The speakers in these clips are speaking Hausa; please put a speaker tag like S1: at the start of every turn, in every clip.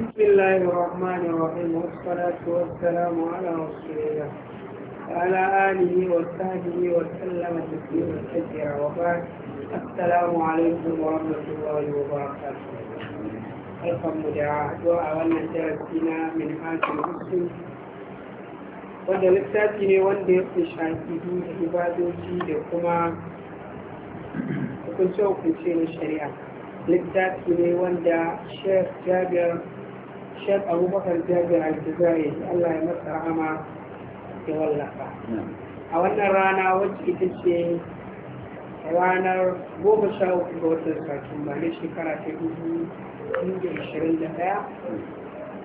S1: بسم الله الرحمن الرحيم والصلاة والسلام على رسول الله وعلى آله وصحبه وسلم تسليما كثيرا وبعد السلام عليكم ورحمة الله وبركاته الحمد لله وأولا جاءتنا من حاج المسلم wanda littafi ne wanda ya fi shafi da ibadoci da kuma hukunce-hukunce na shari'a littafi ne wanda shek jabir shek abubakar jabir al allah ya masa rahama ya wallafa a wannan rana wacce ita ce ranar goma sha uku ga watan satumba na shekara ta dubu biyu da ashirin da daya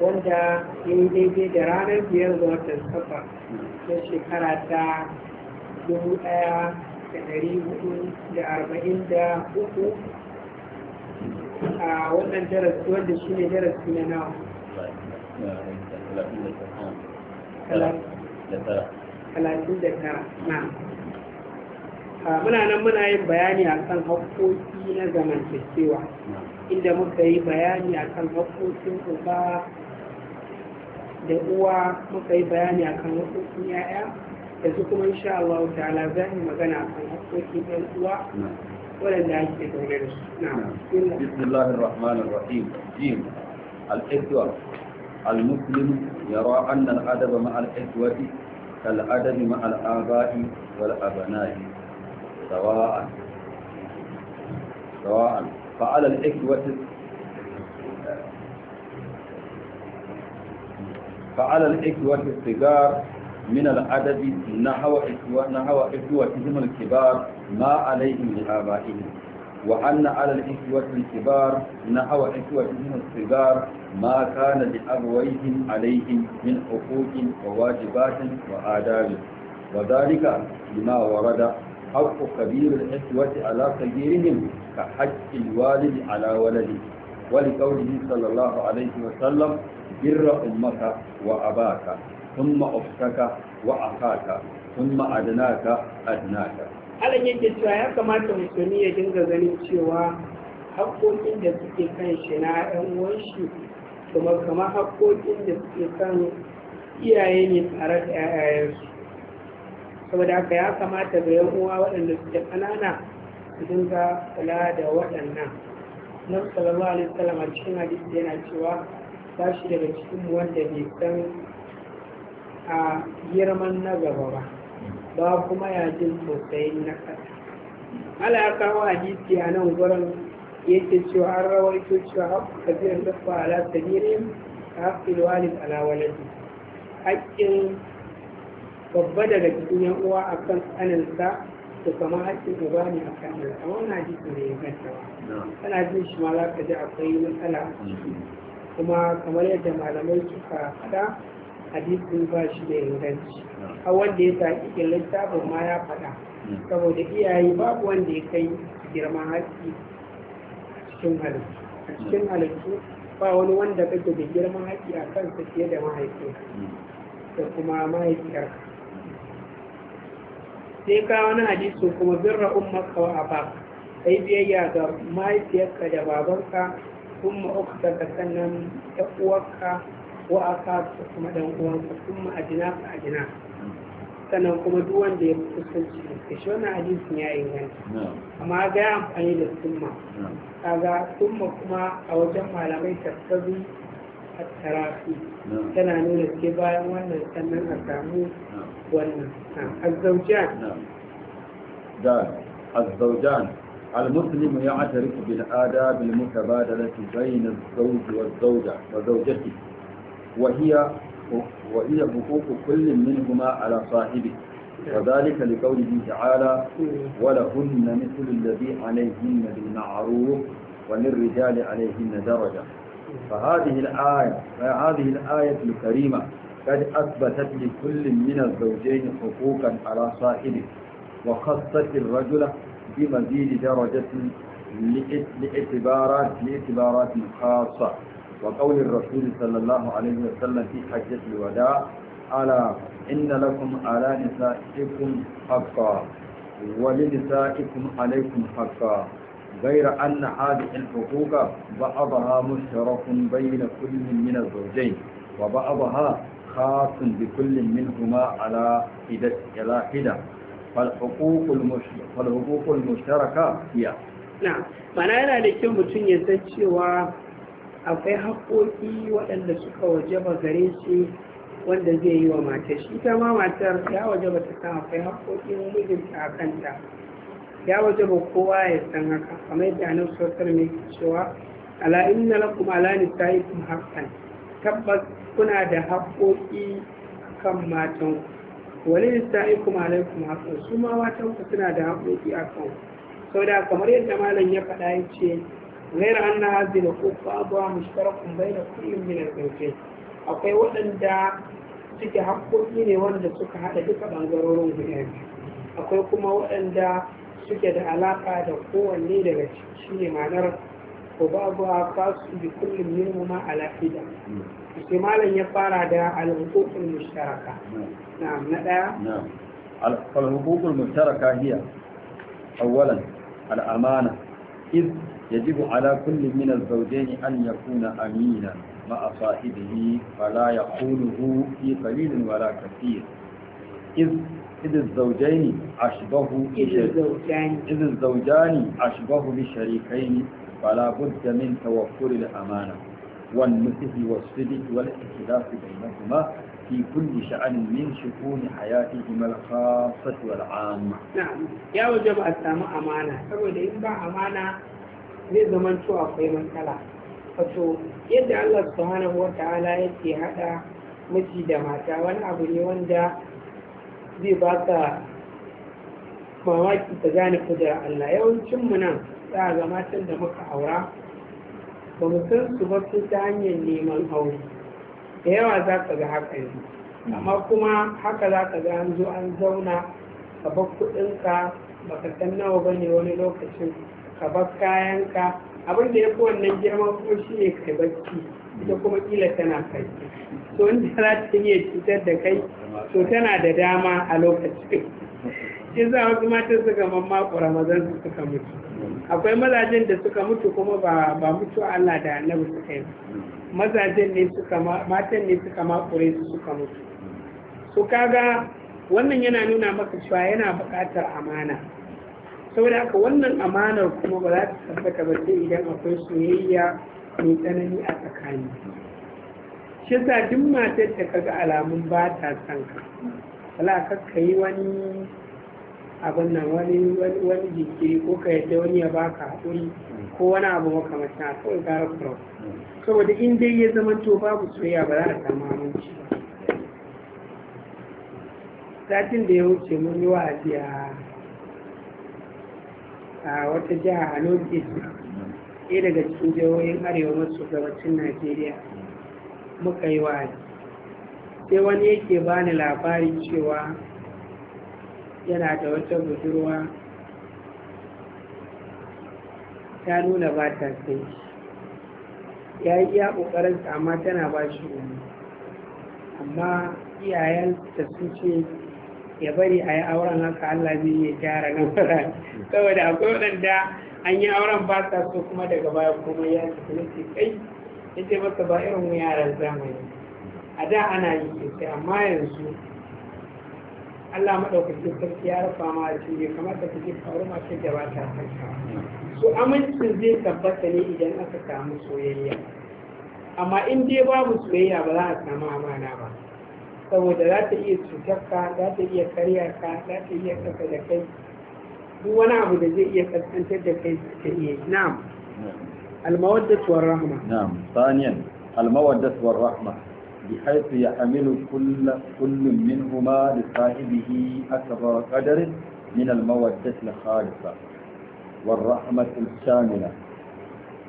S1: wanda ya yi daidai da ranar biyar ga watan safa na shekara ta dubu daya da dari hudu da arba'in da uku a wannan darasi wanda shi ne darasi na nawa talatin da na ah, muna nan muna yin bayani a kan haƙƙoƙi na zamantakewa inda muka yi bayani a kan haƙƙoƙin uba da uwa muka yi bayani a kan haƙƙoƙin ya'ya da su kuma insha Allah ta'ala za mu magana a kan haƙƙoƙin ɗan uwa waɗanda ake zaune da su
S2: na jim al المسلم يرى أن الأدب مع الإخوة كالأدب مع الآباء والأبناء سواء سواء فعلى الإخوة فعلى الإخوة الصغار من الأدب نحو إخوتهم الكبار ما عليهم لآبائهم وأن على الإخوة الكبار نحو إخوتهم الصغار ما كان لأبويهم عليهم من حقوق وواجبات وآداب وذلك لما ورد حق كبير الإخوة على صغيرهم كحق الوالد على ولده ولقوله صلى الله عليه وسلم بر أمك وأباك ثم أختك وأخاك ثم أدناك أدناك
S1: alan yake cewa ya kamata musulmi ya dinga ganin cewa haƙoƙin da suke kan shi na ɗan uwan shi kuma kamar haƙoƙin da suke kan iyaye ne tare da ƴaƴayensu saboda haka ya kamata ga yan uwa waɗanda suke ƙanana su dinga kula da waɗannan nan sallallahu alaihi wasallam a cikin hadisi yana cewa ba shi daga cikin wanda bai san a girman na gaba ba ba kuma ya jin na ƙasa ala ya kawo hadisi a nan gurin ce cewa an rawar ke cewa haku kabiran dafa ala sabirin ka haƙƙin walid ala haƙƙin babba daga cikin yan uwa akan tsananta to kama haƙƙin uba ne a kan ɗan a wani hadisi ne ya ganta Tana jin shi ma za ka ji akwai matsala mm-hmm. kuma kamar yadda malamai suka faɗa hadisin ba shi da inganci a wanda ya cikin littafin ma ya faɗa hmm. saboda iyaye babu wanda ya kai girman haƙƙi cikin halittu a hmm. cikin halittu ba wani wanda kake da girman haƙƙi a kansa fiye da mahaifinka hmm. da kuma mahaifiyarka sai ka wani hadisi kuma birra ummaka wa Aba. kai biyayya ga mahaifiyarka da babanka kuma uku daga sannan ta uwarka a kasu, kuma dan uwanka kuma ajina a jina sannan kuma duk wanda ya kusanci da shi wannan hadisi ya yi inganta amma ga ya amfani da summa kaga summa kuma a wajen malamai tattabi a tarafi tana nuna ke bayan wannan sannan a samu wannan azzaujan
S2: da azzaujan المسلم يعترف بالآداب المتبادلة بين الزوج والزوجة وزوجته وهي وهي حقوق كل منهما على صاحبه وذلك لقوله تعالى ولهن مثل الذي عليهن بالمعروف وللرجال عليهن درجة فهذه الآية فهذه الآية الكريمة قد أثبتت لكل من الزوجين حقوقا على صاحبه وخصت الرجل بمزيد درجة لإعتبارات لإعتبارات خاصة وقول الرسول صلى الله عليه وسلم في حجة الوداع ألا إن لكم على نسائكم حقا ولنسائكم عليكم حقا غير أن هذه الحقوق بعضها مشترك بين كل من الزوجين وبعضها خاص بكل منهما على إلى حدة فالحقوق, المش... فالحقوق المشتركة
S1: هي نعم معنى أنا لكي متنين تجيوها akwai haƙoƙi waɗanda suka waje ba gare shi wanda zai yi wa matar shi ta ma matar ya waje ba ta san akwai haƙoƙin mijinta a kanta ya waje ba kowa ya san haka kamar yadda annabi sosar mai cewa ala inna lakum ala nisaikum haqqan tabbas kuna da haƙoƙi kan matan wani nisaikum alaikum haqqan su ma matan ku suna da haƙoƙi a kan saboda kamar yadda malam ya faɗa ya ce غير أن هذه الحقوق بعضها مشترك بين كل من الزوجين akwai waɗanda suke haƙƙoƙi ne wanda suka haɗa duka ɓangarorin guda akwai kuma waɗanda suke da alaƙa da kowanne daga ciki ne ma'anar ko babu a kasu bi kullum yin kuma alaƙida sai malam ya fara da alhukukul mushtaraka na'am na ɗaya
S2: alhukukul mushtaraka hiya awwalan al'amana iz يجب على كل من الزوجين أن يكون أمينا مع صاحبه فلا يقوله في قليل ولا كثير إذ إذ الزوجين أشبه إذ الزوجان إذ الزوجان أشبه بشريكين فلا بد من توفر الأمانة والنصح والصدق والاختلاف بينهما في كل شأن من شؤون حياتهما الخاصة والعامة
S1: نعم يا وجب أن أمانة فقد إن أمانة zai zaman to akwai matsala wato yadda Allah subhanahu wa ta'ala yake hada miji da mata wani abu ne wanda zai baka mamaki ta gane kudura Allah yawancin mu nan za ga matan da muka aura ba mu san su ba su ta hanyar neman aure da yawa za ka ga haka ne amma kuma haka za ka ga an zo an zauna ka bar kuɗinka baka san nawa ba ne wani lokacin ka bar kayanka abin da ya fi wannan girma kuma shi ne kai bacci ita kuma kila tana kai to inda za ta iya cutar da kai to tana da dama a lokacin shi za wasu matan suka mamma ƙuramazan su suka mutu akwai mazajen da suka mutu kuma ba mutu Allah da annabi suka yi mazajen ne suka matan ne suka makure su suka mutu to kaga wannan yana nuna maka cewa yana buƙatar amana saboda haka wannan amanar kuma ba za ta tabbata ba sai idan akwai soyayya mai tsanani a tsakani shi sa duk matar da kaga alamun ba ta san ka ala kakka yi wani abin nan wani wani jikiri ko ka yadda wani ya baka haƙuri ko wani abu makamashi a kawai gara kurau saboda in dai ya zama to babu soyayya ba za a samu aminci ba satin da ya wuce mun yi wa'azi a a wata jiha a lokacin ɗaya daga cikin jihohin arewa masu gabacin najeriya muka yi wa'adi sai wani yake bani labari cewa yana da wata budurwa ta nuna ba ta sai ya yi iya ƙoƙarinsa amma tana ba shi umu amma iyayen ta sun ce ya bari a yi auren haka Allah zai iya gyara nan saboda akwai waɗanda an yi auren ba sa so kuma daga baya kuma ya ci kuma ce kai ya ce masa ba irin yaran zamani a da ana yi sosai amma yanzu Allah maɗaukacin sarki ya rufa ma a cikin kamar ku je faru masu da ba ta so amincin zai tabbata ne idan aka samu soyayya amma in dai babu soyayya ba za a samu amana ba saboda za ta iya cutarka za ta iya karya ka za ta iya kasa da kai duk wani abu da zai iya kaskantar da kai ta iya yi na'am المودة والرحمة نعم ثانيا
S2: المودة والرحمة بحيث يحمل كل كل منهما لصاحبه أكبر قدر من المودة الخالصة والرحمة الشاملة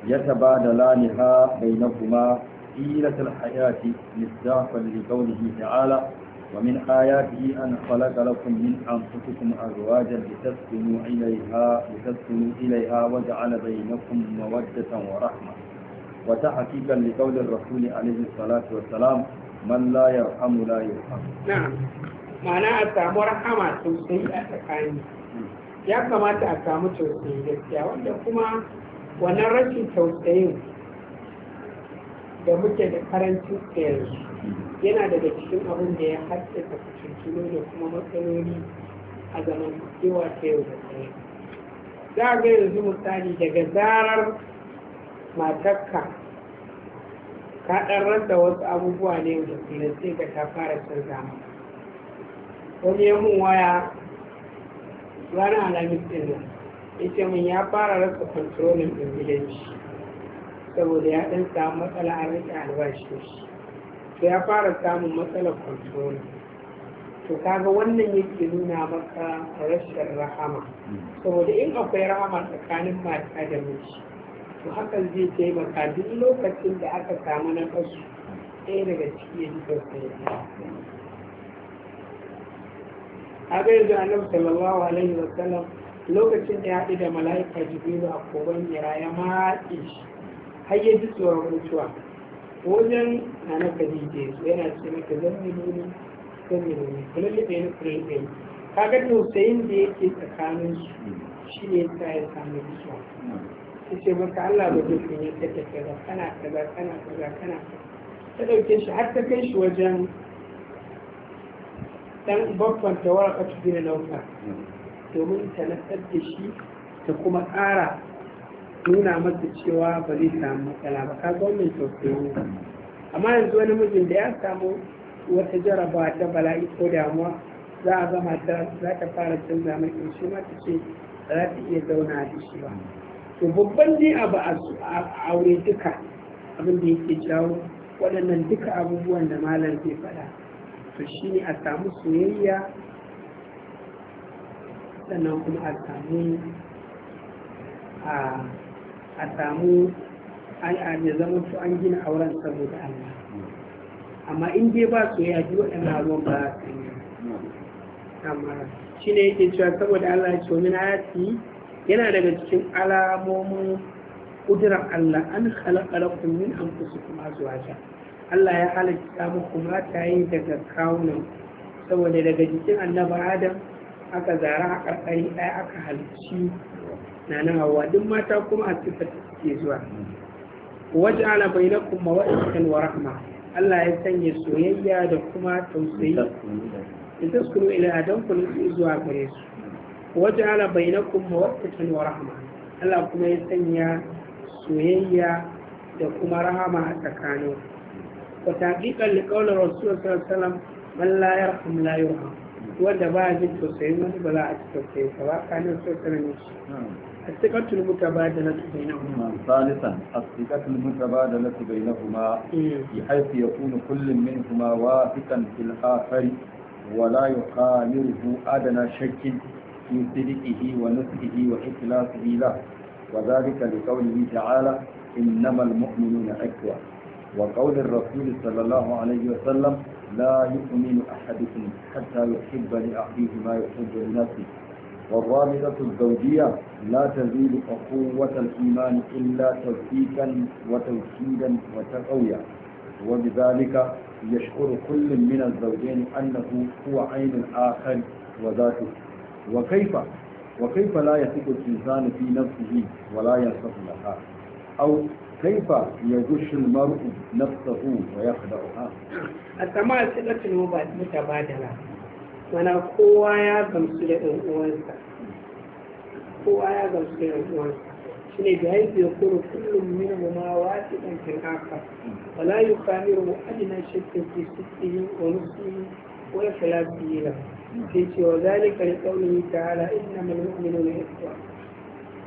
S2: يتبادلانها بينهما طيلة الحياة مصداقا لقوله تعالى ومن آياته أن خلق لكم من أنفسكم أزواجا لتسكنوا إليها لتسكنوا إليها وجعل بينكم مودة ورحمة وتحقيقا لقول الرسول عليه الصلاة والسلام من لا يرحم لا يرحم
S1: نعم معنى أسامو رحمة سوسي أتكاني يا كما تأسامو سوسي يا وانده كما وانا رشي سوسيين da muke da karancin yanzu yana daga cikin abin da ya da fitintunu da kuma matsaloli a zaman zamantakewa ta yau da kullum za ga yanzu misali daga zarar matakka. ka ɗan da wasu abubuwa ne da kullum sai ta fara canza maka wani ya mun waya ranar alamis ɗin nan ya ce min ya fara rasa kontrolin ɗin gidanci saboda ya ɗan samu matsala a rike albashi to ya fara samun matsalar control to kaga wannan yake nuna maka rashin rahama saboda in akwai rahama tsakanin mata da miji to hakan zai taimaka duk lokacin da aka samu na kasu ɗaya daga ciki ya ji sosai kaga yanzu annabi sallallahu alaihi wasallam lokacin da ya haɗu da mala'ika jibrilu a kogon yara ya matse shi har ya ji tsoron mutuwa wajen na na kadije su yana ce maka yi nuni yi nuni kulalli da yana kulalli bai kaga tausayin da yake tsakanin su shi ne ta ya samu mutuwa ta ce maka Allah ba zai kunye ta ta kaza kana kaza kana kaza kana ta ɗauke shi har ta kai shi wajen dan babban ta waraka ta lauka domin ta nasar da shi ta kuma ƙara nuna masa cewa ba zai samu matsala ba ka gwamnan tausayi amma yanzu wani mijin da ya samu wata jarabawa ta bala'i ko damuwa za a zama ta za ta fara canza mai in shi ma ta ce za ta iya zauna da shi ba to babban ne abu a aure duka abin da yake jawo waɗannan duka abubuwan da malam zai faɗa to shine a samu soyayya sannan kuma a samu a a samu an ya zama su an gina auren saboda Allah amma in dai ba su ya ji waɗannan ruwan ba su yi amma shi ne yake cewa saboda Allah ya ce wani ayati yana daga cikin alamomin ƙudurar Allah an an lakum kuma zuwa ta. Allah ya kuma ta yi daga kawunan saboda daga jikin annabi Adam aka zara a ƙarƙari ɗaya aka halicci na nan hawa duk mata kuma a cikin suke zuwa waje ala bai na kuma wa'in wa rahma Allah ya sanya soyayya da kuma tausayi da taskuru ila adam ku zuwa gare su waje ala bai kuma wa rahma Allah kuma ya sanya soyayya da kuma rahama a tsakanin ku taƙiƙar liƙaunar rasulullah sallallahu alaihi wasallam man la yarham la yurham wanda ba jin tausayi wani ba za a cikin tausayi ba kanin sautarin shi a cikin tulubu ta ba da nasu bai nahuma hmm.
S2: salisan a cikin tulubu ta ba da nasu bai hmm. ya haifi ya kunu kullum min kuma wa fitan filhafari wala ya kamir hu adana shakkin fi sirikihi wa nasihi wa ikilasu ila wa zalika da kawai ta'ala innama al-mu'minuna aqwa wa qawli ar-rasul sallallahu alayhi wa sallam لا يؤمن أحدكم حتى يحب لأخيه ما يحب لنفسه والرابطة الزوجية لا تزيد أخوة الإيمان إلا توثيقا وتوكيدا وتقويا وبذلك يشعر كل من الزوجين أنه هو عين الآخر وذاته وكيف وكيف لا يثق الإنسان في نفسه ولا ينصف لها أو كيف يغش المرء نفسه
S1: ويخدعها السماء صلة متبادلة mana kowa ya gamsu da ɗan uwansa kowa ya gamsu da ɗan uwansa shi ne da haifu ya kuru kullum minhu ma wati ɗan fil'afa wala yi kamiru mu adina shakkin fi sittihi wa muslihi wa filafiyila sai ce wa zalika li qawlihi ta'ala innamal mu'minuna ikhwa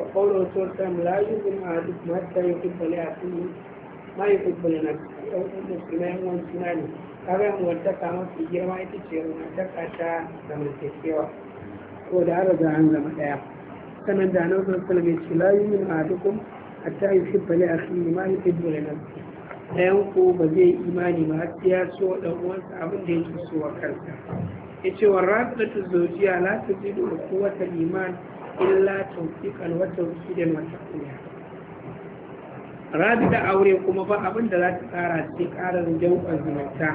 S1: وقوله صلى الله عليه وسلم لا a أحدكم حتى يحب لأخيه ما يحب لنفسه أو أن سنة وسنة kaga muwantaka mafi girma ita ce muwantaka ta zamantakewa ko da an riga an zama ɗaya sanan da annabi sallallahu alaihi wasallam ya ce la yu'minu ahadukum hatta yuhibba li akhihi ma yuhibbu li nafsihi ɗayan ba zai imani ba har ya so dan uwansa abin da yake so wa kansa yace warratu zawjiya la tajidu quwwata iman illa tawfiqan wa tawfiqan wa taqwiya rabi da aure kuma ba abin da za ta tsara sai karar jam'ar zumunta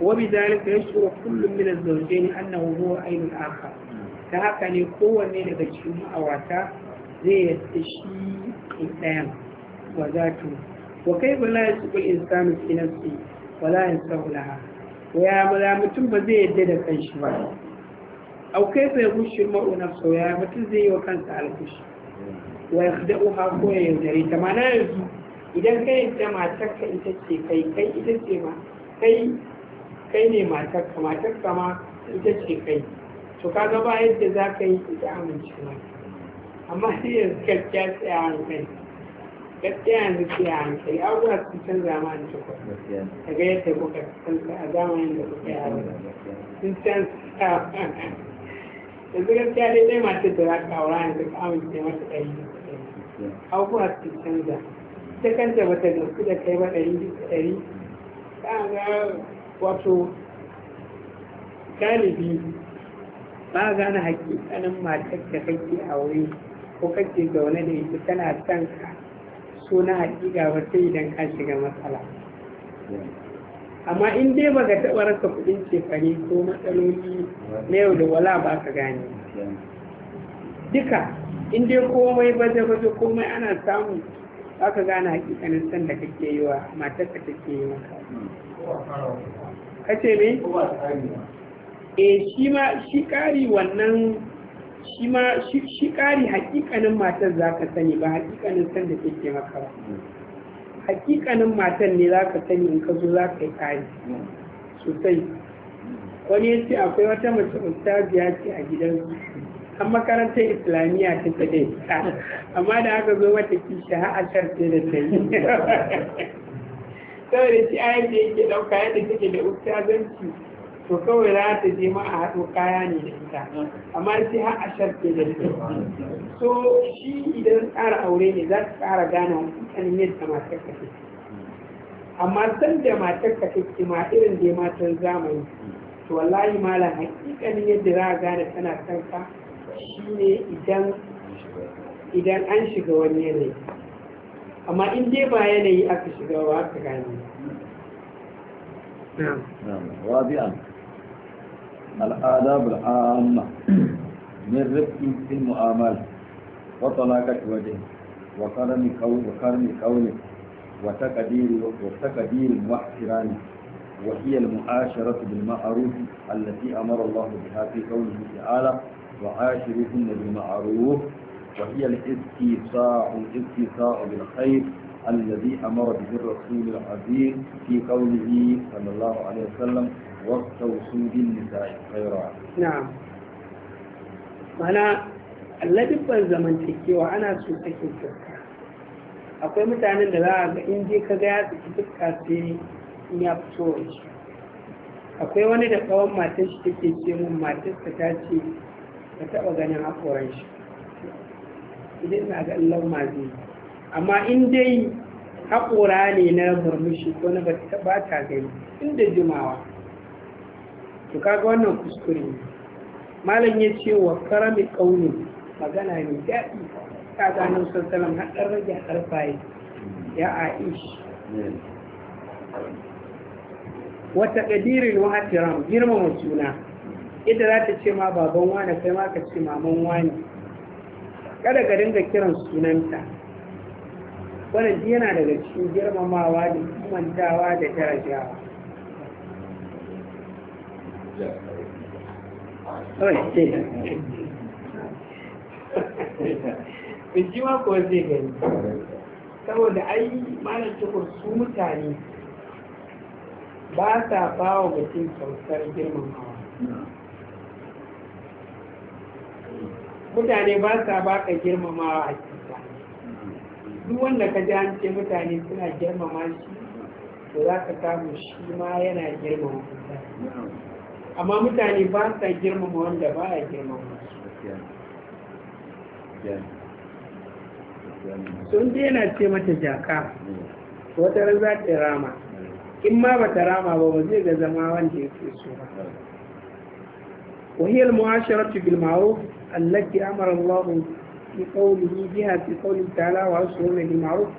S1: wa bi zalika yashuru kullu min az-zawjayn annahu huwa aynul akhar ta haka ne kowanne daga cikin awata zai yadda shi ɗayan wa zatu wa kaifa la yasbu al-insanu fi nafsihi wa la yansahu laha ya mutum ba zai yadda da kanshi ba أو كيف يغش المرء نفسه ويغتزي وكانت على كشه ويخدعها أخوه يوزري إذا ما نعرفه إذا كان ما تكا إذا كي كي إذا كي ما كي كي ما تكا ما تكا ما إذا كي كي شو كان ما بعيد جزا كي إذا عمل شو أما هي كتجاس عن يعني كي كتجاس عن يعني كي عن يعني كي أول كتجاس زمان شو كي تغير تبوك كتجاس زمان شو كي إنسان yanzu gaskiya dai dai masu da za ka aura yanzu ka amince mata ɗari abubuwa su canza ita kanta bata gamsu da kai ba ɗari bisa ɗari ta ga wato galibi ba gane hakikanin matar da kake aure ko kake zaune da ita tana son ka so na hakika ba sai idan ka shiga matsala amma in dai ba ka taɓa rasa kuɗin cefane ko matsaloli na yau da wala ba ka gane duka in dai komai baje baje komai ana samu ba ka gane hakikanin san da kake yi wa matar ka take yi wa kace me eh shi ma shi ƙari wannan shi ma shi ƙari hakikanin matar za ka sani ba hakikanin san da take maka ba hakikanin matan ne za ka sani in ka zo za ka yi kari sosai wani ya ce akwai wata mace ustaziya ce a gidan an makarantar islamiyya ta ta amma da aka zo mata kishi ha a da ta yi saboda shi ayyar da yake ɗauka yadda take da ustazanci to kawai za ta je ma a haɗo kaya ne da ita amma sai har a sharfe da ita so shi idan tsara aure ne za ta tsara gane hakikanin yadda matar ka take amma san da matar ka take ma irin da matar zamani to wallahi malam hakikanin yadda za a gane tana son ka shine idan idan an shiga wani yanayi amma in dai ba yanayi aka shiga ba aka gane.
S2: Na'am. Na'am. الآداب العامة من رفق في المؤامل وطلاقة وجه وكرم قول وكرم قول وتقدير وتقدير واحترام وهي المعاشرة بالمعروف التي أمر الله بها في قوله تعالى وعاشرهن بالمعروف وهي الاستيصاع الاستيصاع بالخير الذي أمر به الرسول العظيم في
S1: قوله صلى الله عليه وسلم واستوصوا بالنساء خيرا نعم معنى ana so sakin akwai mutanen da za a ga in je ka gaya ya saki fuska sai in ya fito akwai wani da tsawon matar shi take ce mun matar ta ta ce ka taɓa ganin haƙoran shi idan na ga Allah ma amma in dai haƙora ne na murmushi ko na ba ta gani inda jimawa to kaga wannan kuskure ne malam ya ce wa karami kauni magana mai daɗi ka gano sassalam har ɗan rage harfaye ya aish wata ƙadirin wa hatiram girmama juna ita za ta ce ma baban wani kai ma ka ce maman wani kada ka dinga kiran sunanta wannan yana daga cikin girmamawa da kimantawa da darajawa kawai ce da kuwa zai gani saboda ai malam tukur su mutane ba sa ba wa mutum kyautar girmamawa mutane ba sa ba ka girmamawa a cikin duk wanda ka ji an ce mutane suna girmama shi to za ka samu shi ma yana girmama mutane amma mutane ba sa girmama wanda ba a girmama sun je yana ce mata jaka wata ran za ta rama in ma ba ta rama ba ba zai ga zama wanda ya ke so ba wahiyar mu'asharatu bil ma'ruf allati amara Allah fi qawlihi biha fi qawli ta'ala wa asruna bil ma'ruf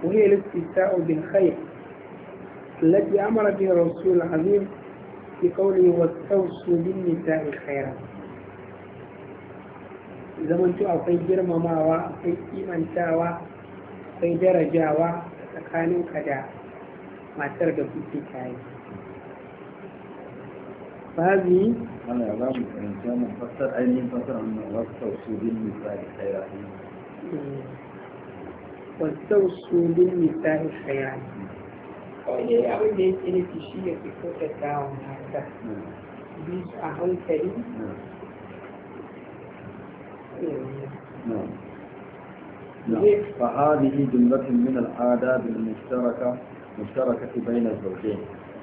S1: وهي الاستفتاء بالخير التي أمر بها الرسول العظيم بقوله واستوصوا بالنساء خيرا zaman to akwai girmamawa akwai kimantawa akwai darajawa tsakaninka da matar da kuke tare
S2: fazi ana ya bamu fahimta mu fassar ainihin fassar mu wasu su bin misali khaira
S1: wasu su bin misali khaira kawai dai abin da yake nufi shi ya fi kyautata wa da
S2: نعم. نعم. فهذه جملة من الآداب المشتركة مشتركة بين الزوجين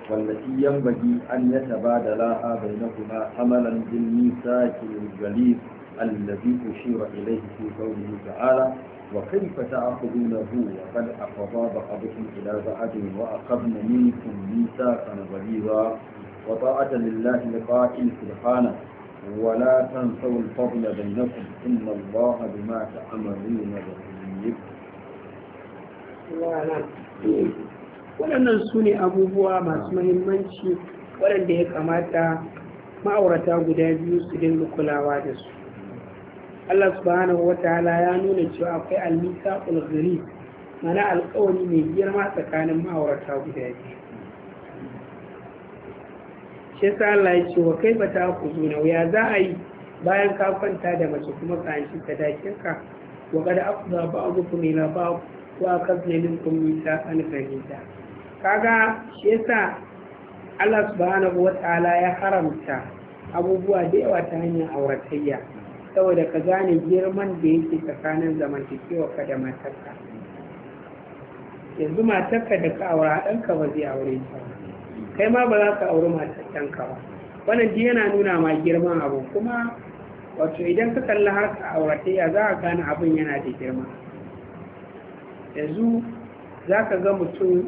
S2: والتي ينبغي أن يتبادلاها بينهما حملا بالميثاق الجليل الذي أشير إليه في قوله تعالى وكيف تأخذونه وقد أخذ بعضكم إلى بعض وأخذن منكم ميثاقا غليظا وطاعة لله لقائل سبحانه ولا تنسوا الفضل بينكم إن الله بما تعملون
S1: waɗannan su ne abubuwa masu mahimmanci waɗanda ya kamata ma'aurata guda biyu su dinga kulawa da su Allah subhanahu wa ta'ala ya nuna cewa akwai almisa ulgari mana alkawari mai girma tsakanin ma'aurata guda biyu shi sa Allah ya ce wa kai ba ta ku juna ya za a yi bayan ka kwanta da mace kuma ka shi ta dakin ka wa kada afda ba'dukum ila ba'd wa akadna minkum mithaqan ta kaga shi sa Allah subhanahu wa ta'ala ya haramta abubuwa da yawa ta hanyar auratayya saboda ka gane girman da yake tsakanin zamantakewa ka da matarka yanzu matarka da ka aura ɗanka ba zai aure ta kai ma ba za ka auri matattanka ba wannan ji yana nuna ma girman abu kuma wato idan ka kalli har ka ya za ka gane abin yana da girma yanzu za ka ga mutum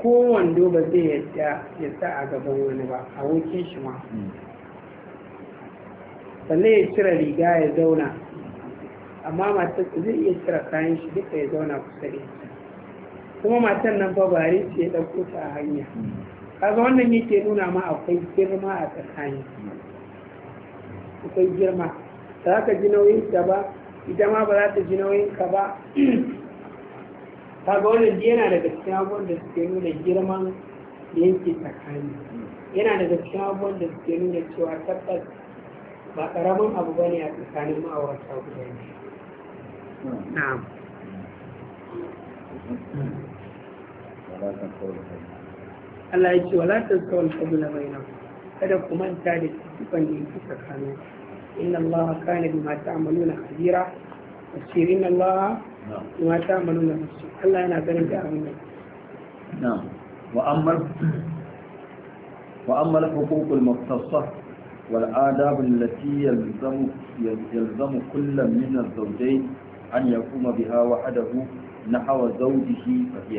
S1: kowane wando ba zai yadda ya sa a gaban wani ba wukin shi ma hmm. sannan ya cire riga ya zauna amma matar zai iya cire kayan shi duka ya zauna kusa da ita kuma matan nan fa bare ce ya ɗauko ta a hanya kaga wannan yake nuna ma akwai girma a tsakani akwai girma ba za ka ji nauyin ta ba ita ma ba za ta ji nauyin ka ba kaga wannan yana daga cikin abubuwan da suke nuna girman da yake tsakani yana daga cikin abubuwan da suke nuna cewa tabbas ba karamin abu ba ne a tsakanin ma'aurata guda ne
S3: na'am wala tasawul fadla
S1: Allah ya ce wala tasawul fadla bainakum kada ku manta da cikin da yake tsakanin inna Allah kana bima ta'maluna khabira basir inna Allah bima ta'maluna basir Allah yana ganin da abin
S2: na'am wa amma wa amma al-huquq al-mukhtasah والآداب التي يلزم يلزم كل من الزوجين أن يقوم بها وحده نحو زوجه فهي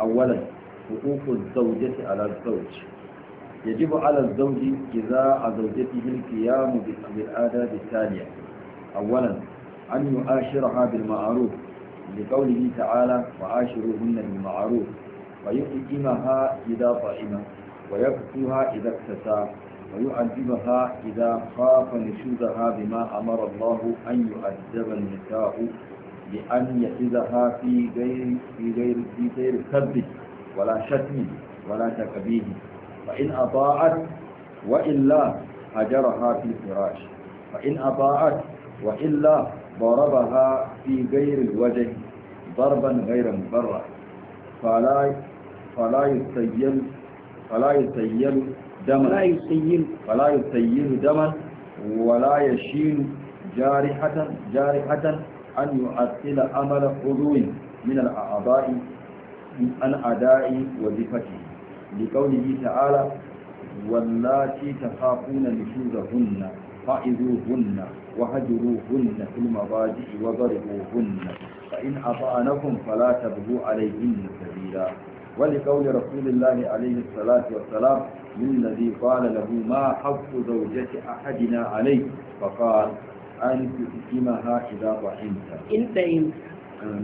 S2: أولا حقوق الزوجة على الزوج يجب على الزوج جزاء زوجته القيام بالآداب التالية أولا أن يعاشرها بالمعروف لقوله تعالى وعاشروهن بالمعروف ويؤتمها إذا طعم ويكسوها إذا اكتسى ويعذبها إذا خاف نشوزها بما أمر الله أن يعذب النساء بأن يأخذها في غير في غير في غير كذب ولا شتم ولا تكبيه فإن أطاعت وإلا هجرها في الفراش فإن أطاعت وإلا ضربها في غير الوجه ضربا غير مبرر فلا فلا يسيل فلا يسيل دما لا يسيل فلا يسيل دما ولا يشيل جارحة جارحة an yu'attila amara udwin min al-a'da'i an ada'i wazifati li qawlihi ta'ala wallati takhafuna nushuzahunna fa'izuhunna وهجروهن في المضاجع وضربوهن فإن أطعنكم فلا تبغوا عليهن سبيلا ولقول رسول الله عليه الصلاة والسلام للذي قال له ما حق زوجة أحدنا عليه فقال an jima ha idza fahimta in fahim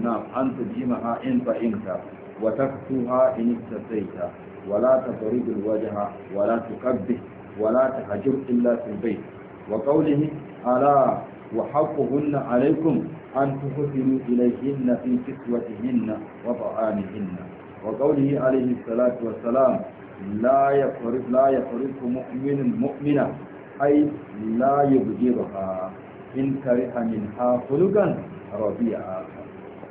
S2: na'am an jima ha in fahimta wa taktu ha in tasaita wa la tabrid al wajha wa la tukabbi wa la tahjur illa fil bayt wa qawlihi ala wa haqquhunna alaykum an tuhsinu ilayhinna fi kiswatihinna wa salam la yaqrib la yaqrib mu'minun mu'mina أي لا يبغي بها in kariha min ha hulugan rabi'a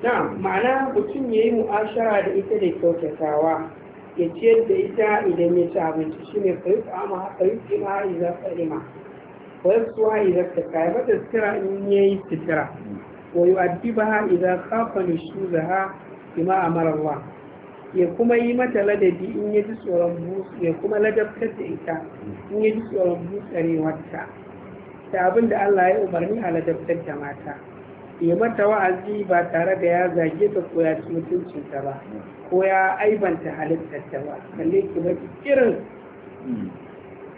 S1: na ma'ana mutum ya yi mu'ashara da ita da kyautatawa ya ciyar da ita idan ya ci abinci shi ne fa yi tsama haka yi tsima har idan tsarima fa yi tsuwa idan ta kayi mata sutura in ya yi sutura wa yi addiba ha idan kafa da shu da ha ima a mararwa ya kuma yi mata ladabi in ya ji tsoron busu ya kuma ladabtar da ita in ya ji tsoron busarewarta da abin da Allah ya umarni a ladabtar da mata ya mata wa'azi ba tare da ya zage ta ko ya ci mutuncinta ba ko ya aibanta halittar ta ba kalle ki ba kirin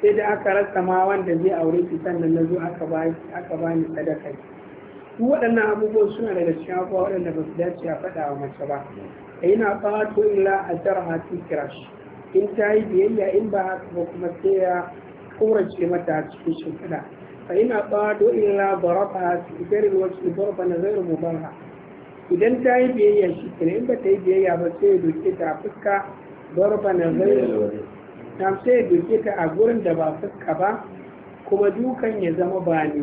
S1: sai da aka rasa ma wanda zai aure ki sannan na zo aka ba ni sadaka duk waɗannan abubuwan suna daga cikin abubuwa waɗanda ba su dace a faɗa wa mace ba A yana in illa a jarha Kirash. in ta yi biyayya in ba haka ba kuma sai ya ƙorace mata a cikin shimfiɗa فإن أطاعت إلا ضربها في غير الوجه ضربا غير مبرهة idan ta yi biyayya shi kenan in ba ta yi biyayya ba sai ya doke ta a fuska barba na zai na sai ya doke ta a gurin da ba fuska ba kuma dukan ya zama ba ne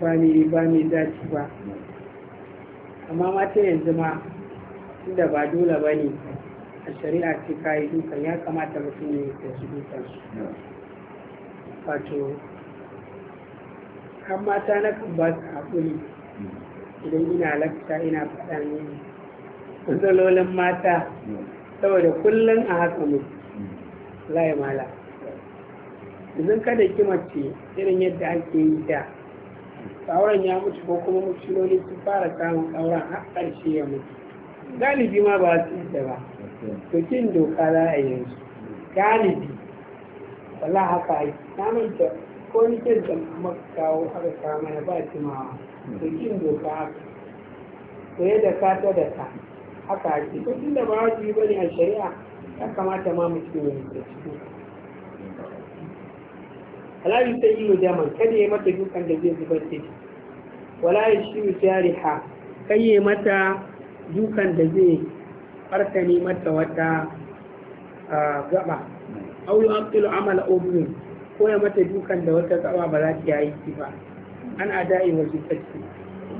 S1: ba ne ba ne dace ba amma mata yanzu ma inda ba dole ba ne a shari'a ce ka dukan ya kamata mutum ya yi dukan wato kan mata na kan ba su haƙuri idan ina lakta ina faɗa ne matsalolin mata saboda kullum a haka mu laye mala idan kada ki mace irin yadda ake yi da auren ya mutu ko kuma mutiloli sun fara samun auren har ƙarshe ya mutu galibi ma ba su da ba to doka za a yanzu galibi wala haka yi na manta ko ni ke da makawo haka kama mana ba shi ma da kin doka haka to da ka ta da ka haka Ko tun da ba ji bane a shari'a ya kamata ma mu mutum ya mutu Wala alayi ta yi jaman kada ya mata dukan da zai zubar da shi wala ya shi ta kai ya mata dukan da zai fartani mata wata gaba au yu'attilu amala obin ko ya mata dukan da wata gaba ba za ta yi ki ba an adai wa zikati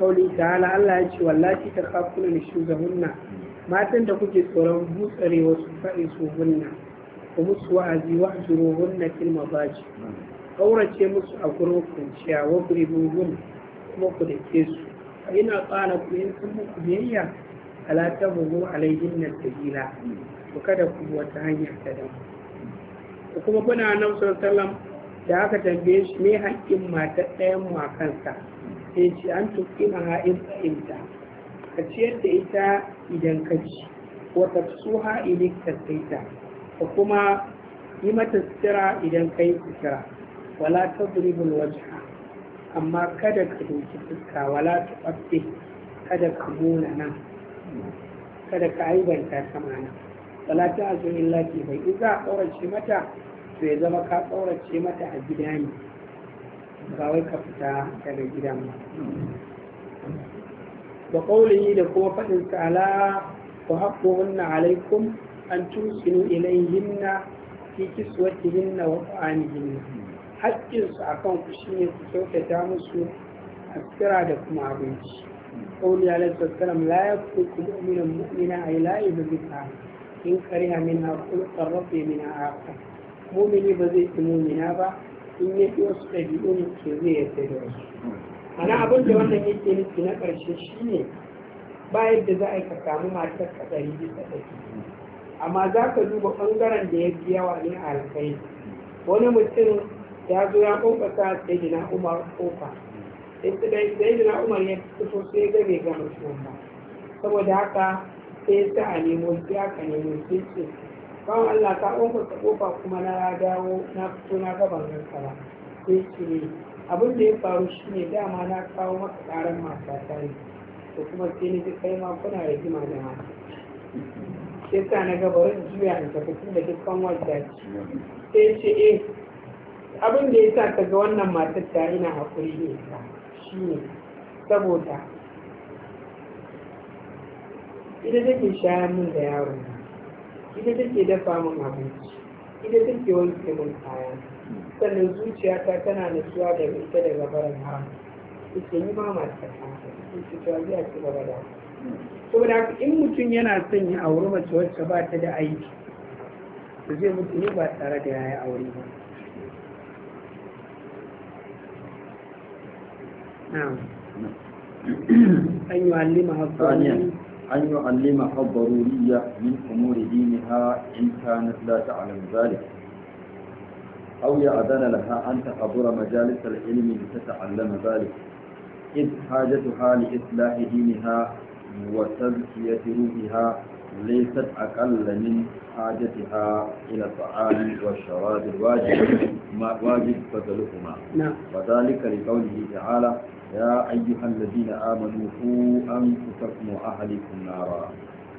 S1: kauli ta'ala Allah ya ce wallahi ta kafuna ni shugabunna matan da kuke tsoron butsare su fa'i su gunna ku musu wa'azi wa ajuru gunna fil mabaji kaurace musu a gurin kunciya wa kuma ku da ke su ina tsana ku in sun muku biyayya ala ta bugu alaihin nan ku kada ku wata hanya ta da ku kuma kuna nan sallam da aka tambaye shi me haƙƙin matar ɗayan makansa sai ce an na ha'in fahimta ka ciyar da ita idan ka ci wata su ha'ilik ta ka kuma yi mata sutura idan ka yi sutura wala ta zuribin wajha amma kada ka doki fuska wala ta ɓaɓɓe kada ka muna nan kada ka aibanta ta mana fala a azu illa bai in za a tsorace mata to ya zama ka tsorace mata a gida ne ba wai ka fita daga gida ba da ƙaulihi da kuma faɗin sala ku hunna alaikum an tusinu hinna fi kiswatihinna wa ta'anihinna haƙƙinsu a kan ku shine ku kyautata musu askira da kuma abinci ƙauli alaihi wasallam la yakfu mu'minan mu'mina ay la yuzika in kariha min haƙun sarrafe min haƙa mumini ba zai fi mumina ba in ya fi wasu ɗabi'un ke zai yadda da wasu ana abin da wannan yake nufi na ƙarshe shine ba yadda za a yi ka samu matar ka bisa ɗari amma za ka duba ɓangaren da ya biya wa ni a alkai wani mutum ya zo ya ƙoƙasa sai dina umar ƙofa sai dina umar ya fito sai ya ga bai gama ba saboda haka sai ta a nemo ya ka nemo sai ce bawan Allah ka ƙwanƙwa ta ƙofa kuma na dawo na fito na gaban ranka ba sai ce ne abin da ya faru shi ne dama na kawo maka ƙaran masu ne to kuma sai ne ji kai ma kuna rigima da ma sai ta na gaba wani juya da tafafin da dukkan wadda sai ce eh abin da ya sa ka ga wannan matar ta ina haƙuri ne shi ne saboda ita take shayar min da yaro ita take dafa min abinci ita take wanke min kaya sannan zuciyata tana nutsuwa da ita daga barin haram ita yi mama ta kasa ita ta zai ci gaba da saboda haka in mutum yana son ya auri mace wacce ba ta da aiki to zai mutu ne ba tare da yayi aure ba na'am an yi wa أن
S2: يعلمها الضرورية من أمور دينها إن كانت لا تعلم ذلك أو يأذن لها أن تحضر مجالس العلم لتتعلم ذلك إذ حاجتها لإصلاح دينها وتزكية روحها ليست أقل من حاجتها إلى الطعام والشراب الواجب ما واجب نعم وذلك لقوله تعالى يا أيها الذين آمنوا قوا أنفسكم وأهلكم نارا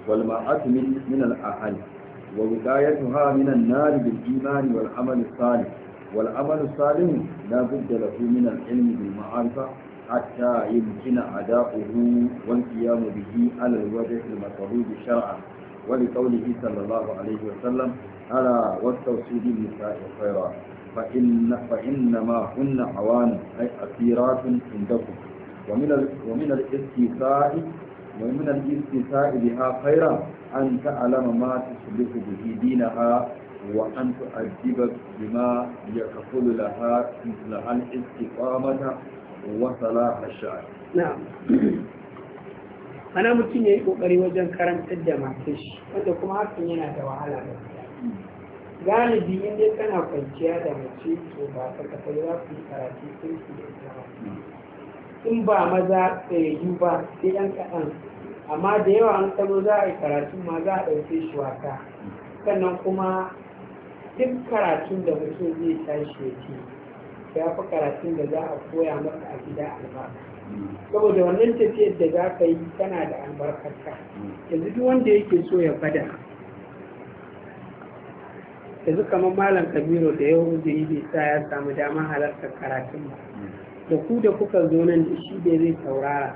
S2: والمرأة من, من الأهل ووقايتها من النار بالإيمان والعمل الصالح والعمل الصالح لا بد له من العلم بالمعرفة حتى يمكن أداؤه والقيام به على الوجه المطلوب شرعا ولقوله صلى الله عليه وسلم ألا والتوحيد بالنساء خيرا فإن فإنما هن عوان أي أسيرات عندكم ومن ال... ومن الاستيفاء ومن الاستيفاء بها خيرا أن تعلم ما تسلك به دينها وأن تؤدبك بما يكفل لها مثلها الاستقامة وصلاح الشعر
S1: نعم أنا mutum ya قريب ƙoƙari كرم karantar da أنت wanda kuma hakan yana galibi in dai kana kwanciya da mace to ba ta kafa za ku yi karatu sun su da ita ba in ba maza tsayayyu ba sai ɗan kaɗan amma da yawa an tsaro za a yi karatu ma za a ɗauke shi wata sannan kuma duk karatu da mutum zai tashi ya ce ya fi karatun da za a koya masa a gida albarka saboda wannan tafiyar da za ka yi tana da albarkarka yanzu duk wanda yake so ya fada yanzu kamar malam kabiru da yau da yi bai sa ya samu dama halartar karatun da ku da kuka zo nan da shi da zai saurara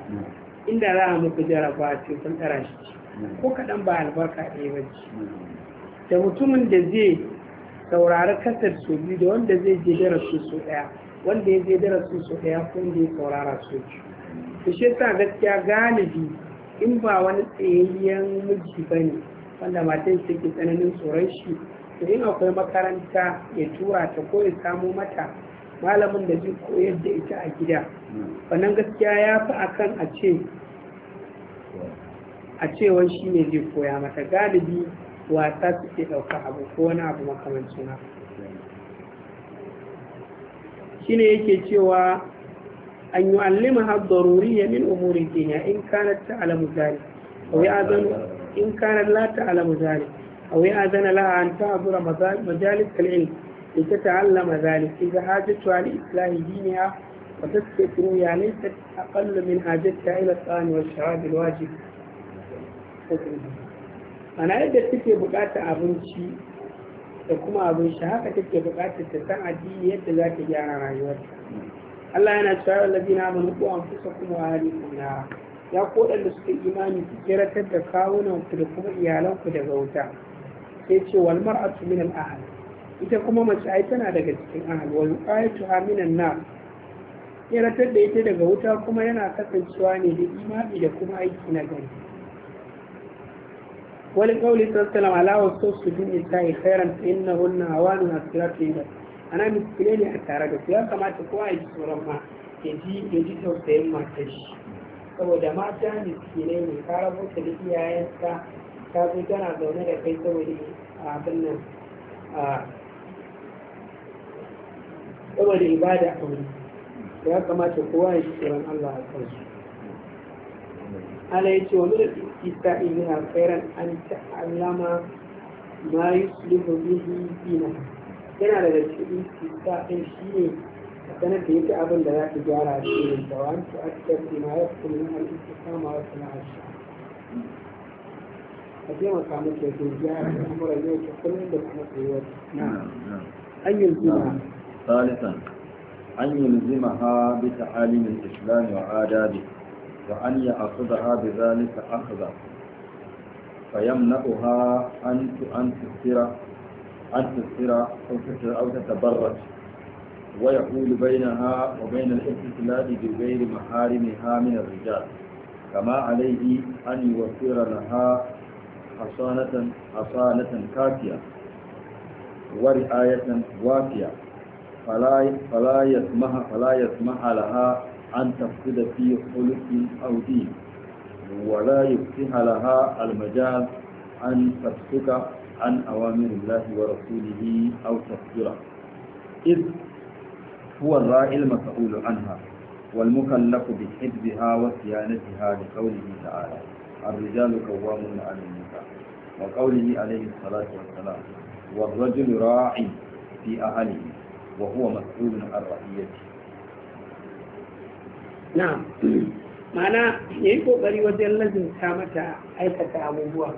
S1: inda za a muku jaraba a ce sun tsara shi ko kaɗan ba albarka ɗaya ba ce da mutumin da zai saurari kasar su biyu da wanda zai je dara su ɗaya wanda ya je dara su ɗaya ko wanda ya saurara su biyu to shi sa gaskiya galibi in ba wani tsayayyen miji ba ne wanda matan take tsananin tsoron shi to in akwai makaranta ya tura ta ko ya samu mata malamin da zai koyar da ita a gida wannan gaskiya ya fi akan a ce a cewan shi ne zai koya mata galibi wasa suke ɗauka abu ko wani abu makamancin shi ne yake cewa an yi allima har daruri ya min umurin duniya in kanar ta alamu zari kawai azanu in kanar la ta alamu zari أو يأذن لها أن تعذر مجالس العلم لتتعلم ذلك إذا حاجتها لإصلاح دينها وتسقي رؤيا ليست أقل من حاجتها إلى الطعام والشراب الواجب أنا yadda take buƙatar abinci da kuma abin shi haka take buƙatar ta san addini yadda za ta gyara rayuwarta Allah yana cewa wallazi na amanu ku anfusakum wa ahlikum nara ya ko da suka imani ku kiratar da kawunan ku da kuma iyalanku daga wuta sai ce wal mar'atu min al ita kuma mace ai tana daga cikin ahl wa yuqayatu ha min an nar da ita daga wuta kuma yana kasancewa ne da imani da kuma aiki na gari wani kauli sallallahu alaihi wasallam ala wasu bin sai khairan innahunna awanun asiratu ila ana miskile ne a tare da su ya kamata kowa ya ji tsoron ma ya ji ya ji tausayin mata shi saboda mata miskile ne ka rabu da iyayensa ta zo tana zaune da kai saboda abin nan saboda ibada a wuri ya kamata kowa ya shi tsoron Allah a kansu ala ya ce wani da isa ili ha khairan an alama ma yuslihu bihi dina yana daga cikin isa din shine a sanar da yake abin da za ta gyara a ne da wani ta'addar dina ya kuma al-istikama na sana'a taimaka muke نعم، نعم. نعم.
S2: ثالثا أن يلزمها بتعاليم الإسلام وآدابه وأن يأخذها بذلك أخذا فيمنعها أن أن تسر أن تسر أو تتبرج ويحول بينها وبين الاستسلام بغير محارمها من الرجال كما عليه أن يوفر لها hasanatan hasanatan kafiya wa wafiya falay falayat maha an tafsida fi khuluqi aw di wa la yuftiha al majal an tafsuka an awamir allah wa rasulihi aw tafsira id huwa ra'il masul anha wal mukallaf bi hifdha wa siyanatiha li qawlihi ta'ala الرجال قوامون على النساء وقوله عليه الصلاة والسلام والرجل راعي في أهله وهو مسؤول عن رعيته
S1: نعم ma'ana ya yi kokari wajen ta mata aikata abubuwa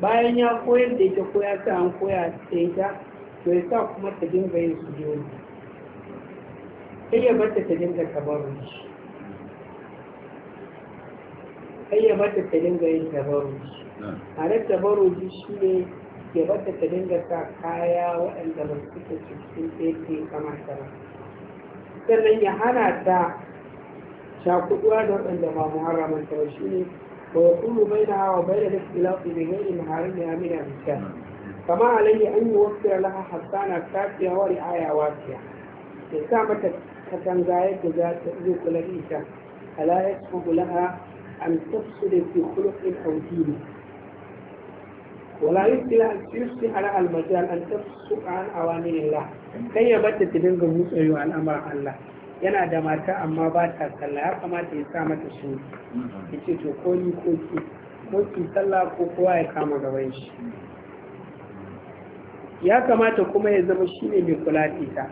S1: bayan ya koyar da ita ko ya sa an koya da ita to ya sa kuma ta dinga yin su jiyoyi sai ya ta dinga tabarun shi kai ya bata ta dinga yin A da tabaruji shi ne ya bata ta dinga sa kaya waɗanda ba su cikin tsaye ta ba sannan ya hana ta shakuɗuwa da waɗanda ba haramun ta ba shi ne ba ya kullu bai da hawa bai da dafi lafi da gani harin da amina bisa kama alayya an yi wasu da laha hassana kafiya wa ri'aya wasiya ya sa mata katanga yadda za ta iya kula da ita ala yasfuhu laha أن تفسد في خلق أو دين ولا يفتي على المجال أن تفسق عن أوامر الله كي يبت تدنغ مسؤول عن أمر الله yana da mata amma ba ta sallah ya kamata ya sa mata su ya ce to ko ni ko ki ko ki sallah ko kowa ya kama gaban shi ya kamata kuma ya zama shine mai kula da ita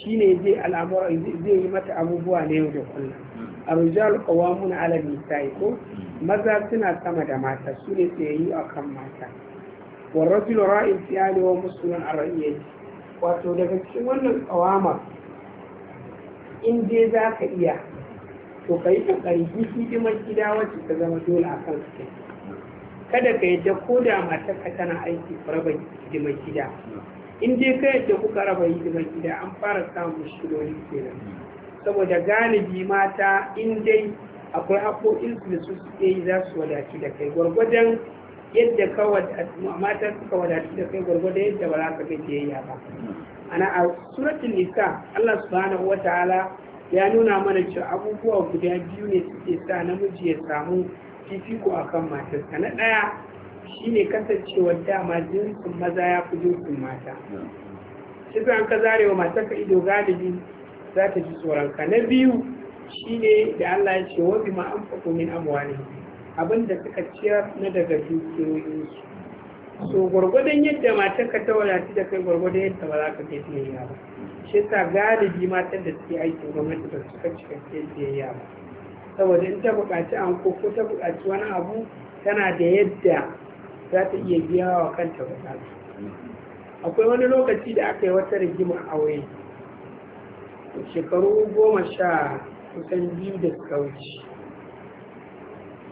S1: shine zai al'amura zai yi mata abubuwa na yau da kullum arrijal qawamun ala nisa'i ko maza suna sama da mata su ne yi a kan mata wa rajulu ra'in fi ali wa muslimun ar-ra'iyyati wato daga cikin wannan qawama in dai za ka iya to ka yi kokari duk hidimar gida wacce ta zama dole a kan su kada ka yadda ko da matarka tana aiki ku raba hidimar gida in dai ka yadda kuka raba hidimar gida an fara samun shirori kenan saboda galibi mata in dai akwai haƙoƙinsu da su suke yi za su wadaci da kai gwargwadon yadda mata suka wadaci da kai gwargwadon yadda ba za ka ga biyayya ba ana a suratul nisa Allah subhanahu wataala ya nuna mana cewa abubuwa guda biyu ne suke sa namiji ya samu fifiko akan matarsa na ɗaya shine kasancewar dama jinsin maza ya fi jinsin mata shi an ka zarewa matarka ido galibi za ta ji tsoronka na biyu shi ne da Allah ya ce ma an faɗo min amwalihim abin da suka ciyar na daga su. so gwargwadon yadda ka ta wadatu da kai gwargwadon yadda ba za ka kai biyayya ba shi sa galibi matan da suke aikin gwamnati ba su kan cika kai biyayya ba saboda in ta buƙaci an ko ta buƙaci wani abu tana da yadda za ta iya biya wa kanta buƙatu akwai wani lokaci da aka yi wata rigima a wai shekaru goma sha kusan biyu da suka wuce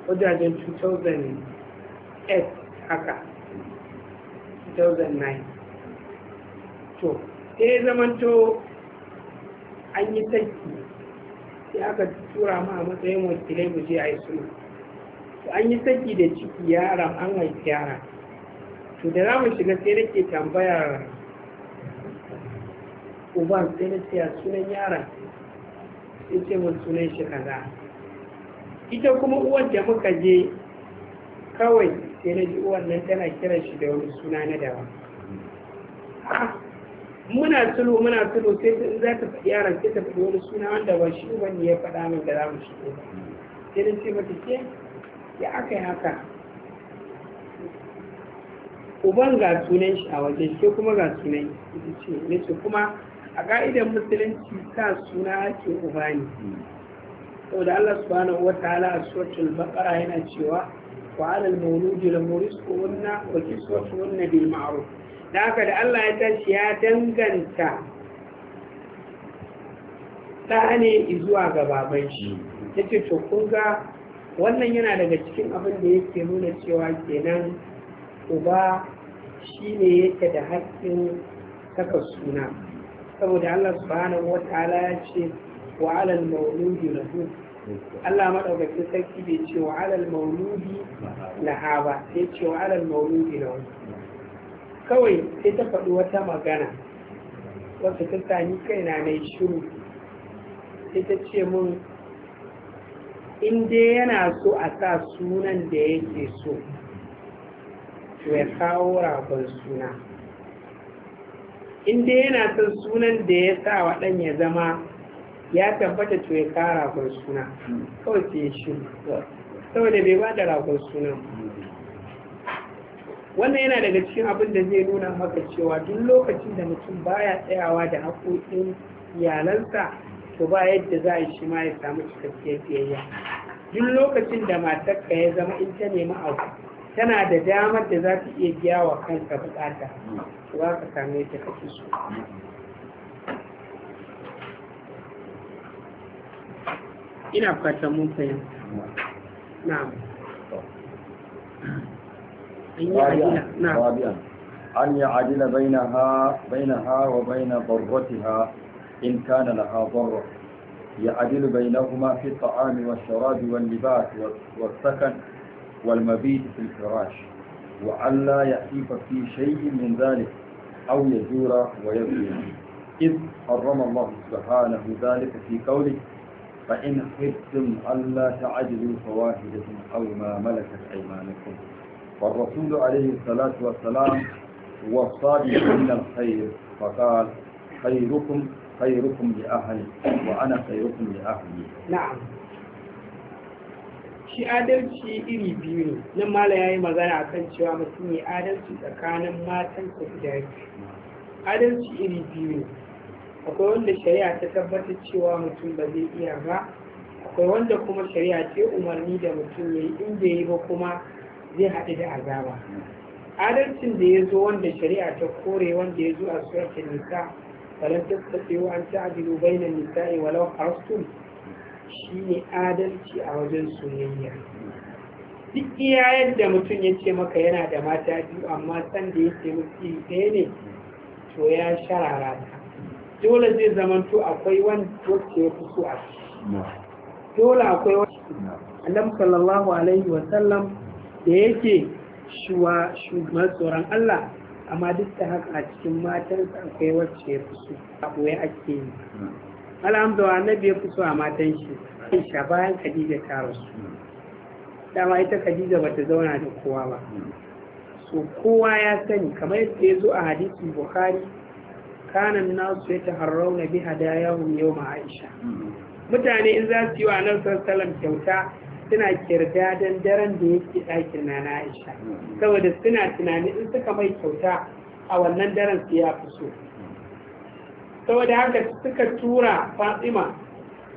S1: wajajen 2008 haka 2009 to sai zamanto an yi taki sai aka tura ma a matsayin wakilai guje a yi suna to an yi taki da ciki yaran an haifi yara to da za mu shiga sai nake tambayar uban sai na ce sunan yaron sai ce mun sunan shi kaza ita kuma uwan da muka je kawai sai na ji uwan nan tana kiran shi da wani suna na dawa ah, muna tulo muna tulo sai in za ta faɗi yaron sai ta faɗi wani suna wanda ba shi uban ne ya faɗa min da za mu shigo sai na ce mata ke ya aka yi haka uban ga sunan shi a waje ke kuma ga sunan ita ce ce kuma a ƙa'idar musulunci sa suna ake uba sau Da Allah subhanahu ala a suratul baqara yana cewa wa alal mawludi lahu rizquhunna wa kiswatuhunna bil ma'ruf da haka da Allah ya tashi ya danganta ta ne zuwa ga baban shi yace to kun ga wannan yana daga cikin abin da yake nuna cewa kenan uba shine yake da haƙƙin saka suna saboda Allah subhanahu wa ta'ala ya ce wa alal mauludi lahu Allah madaukaki sarki bai ce wa alal mauludi laha ba sai ce wa alal mauludi lahu kawai sai ta faɗi wata magana wata ta sani kaina mai shiru sai ta ce mun in dai yana so a sa sunan da yake so to ya kawo ragon suna in dai yana son sunan da ya sa wa ɗan ya zama ya tabbata to ya kara kun suna kawai sai ya shi saboda bai ba da rago suna wannan yana daga cikin abin da zai nuna maka cewa duk lokacin da mutum baya tsayawa da haƙoƙin iyalansa to ba yadda za a shi ma ya samu cikakkiyar biyayya duk lokacin da matarka ya zama in ta nemi abu tana da damar da za ta iya biya wa kanka bukata za ka same ta kake so ina fatan mun fahimta na'am
S2: أن يعدل بينها بينها وبين ضرتها إن كان لها ضر يعدل بينهما في الطعام والشراب واللباس والسكن والمبيت في الفراش وألا يحيف في شيء من ذلك أو يزور ويبين إذ حرم الله سبحانه ذلك في قوله فإن خفتم ألا تعجلوا فواحدة أو ما ملكت أيمانكم والرسول عليه الصلاة والسلام والصادق من الخير فقال خيركم خيركم لأهلي وأنا خيركم لأهلي
S1: نعم shi adalci iri biyu ne nan mala ya yi magana akan cewa mutum ya adalci tsakanin matan da guda adalci iri biyu ne akwai wanda shari'a ta tabbatar cewa mutum ba zai iya ba akwai wanda kuma shari'a ce umarni da mutum ya yi in ya yi ba kuma zai haɗu da azaba adalcin da ya zo wanda shari'a ta kore wanda ya zo a suratul nisa falan tsayo an ta'dilu bainan nisa'i walau harastum shi ne adalci a wajen soyayya duk iya yadda mutum ya ce maka yana da mata biyu amma san da yake musu ɗaya ne to ya sharara ta dole zai to akwai wani wacce ya fi so a dole akwai wani annabi sallallahu alaihi wa sallam da yake shuwa shugaban tsoron Allah amma duk da haka a cikin matansa akwai wacce ya fi so a ake yi alhamdu annabi ya fi so a matan shi aisha bayan khadija ta rasu dama ita khadija bata zauna da kowa ba so kowa ya sani kamar yadda ya zo a hadisin bukhari na nasu ya na bi yau ma aisha mutane in za su yi wa annabi sallallahu kyauta suna kirda dan daren da yake ɗakin na aisha saboda suna tunani in suka mai kyauta a wannan daren su ya fi so saboda haka suka tura fatima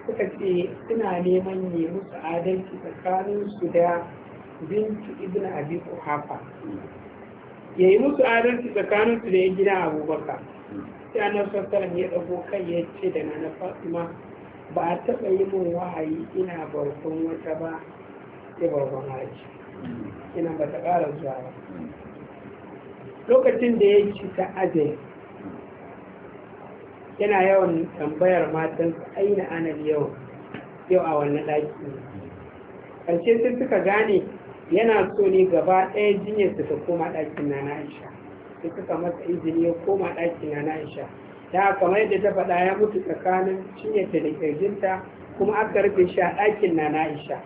S1: suka ce suna neman yi musu adalci tsakanin su da binci ibn abi kuhafa ya yi musu adalci tsakanin su da ya gina abubakar sai annabi sallallahu ya ɗago kai ya ce da na fatima ba a taɓa yi min wahayi ina bautan wata ba sai bautan haji ina ba ta ƙara zuwa ba lokacin da ya ci ta ajiye. yana yawan tambayar matan aina anar yau yau a wannan ɗaki ƙarshe sai suka gane yana so ne gaba ɗaya jinyar su ta koma ɗakin na Aisha. sai suka masa izini ya koma ɗakin na Aisha. da kamar yadda ta faɗa ya mutu tsakanin cinyarta da ƙirjinta kuma aka rufe shi a ɗakin na Aisha.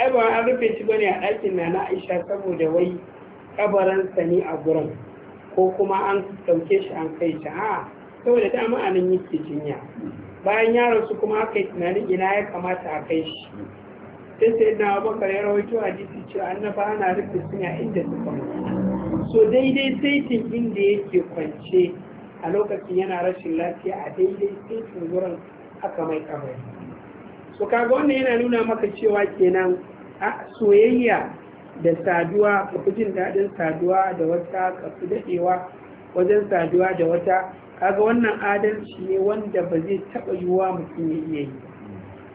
S1: ai ba an rufe shi bane a ɗakin na Aisha saboda wai kabaransa ne a gurin ko kuma an ɗauke shi an kai shi a saboda dama a nan yake jinya bayan yaron su kuma aka yi tunanin ina ya kamata a kai shi sai sai na abubakar ya rawaito a jisi cewa annaba ana rufe suna inda su kwanci so daidai saitin inda yake kwance a lokacin yana rashin lafiya a daidai saitin wurin aka mai kamari so kaga wannan yana nuna maka cewa kenan a soyayya da saduwa ka fi jin daɗin saduwa da wata ka daɗewa wajen saduwa da wata kaga wannan adalci ne wanda ba zai taɓa yiwa mutum ya iya yi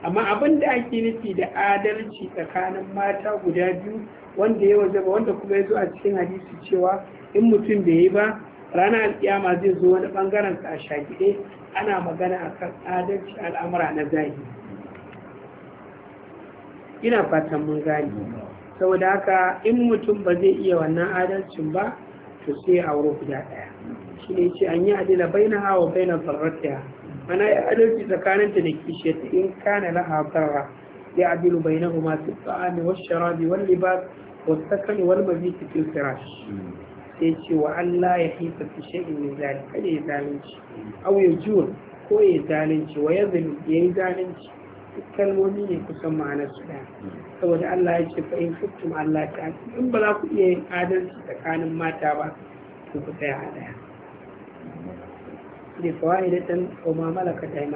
S1: amma abin da ake nufi da adalci tsakanin mata guda biyu wanda ya waje ba wanda kuma ya zo a cikin hadisi cewa in mutum bai yi ba ranar alkiyama zai zo wani bangaren sa a shagide ana magana akan adalci al'amura na zahiri ina fatan mun gani saboda haka in mutum ba zai iya wannan adalcin ba to sai ya auro guda ɗaya shi ne ce an yi adila bai na hawa bai na zarratiya mana ya adalci tsakaninta da kishiyar in kana laha barra ya adilu bai na kuma su tsa'ami wasu sharabi wani libas wasu sakani wani mabi cikin firash sai ce wa Allah ya hisa fi shayin min zali kada ya zalunci au ya juwa ko ya zalunci wa ya zalunci ya yi zalunci kalmomi ne kusan ma'anar su ɗaya saboda Allah ya ce fa in kuntum Allah ta in ba za ku iya yin adalci tsakanin mata ba to ku tsaya a daya ne fawaidatan aw ma malakat A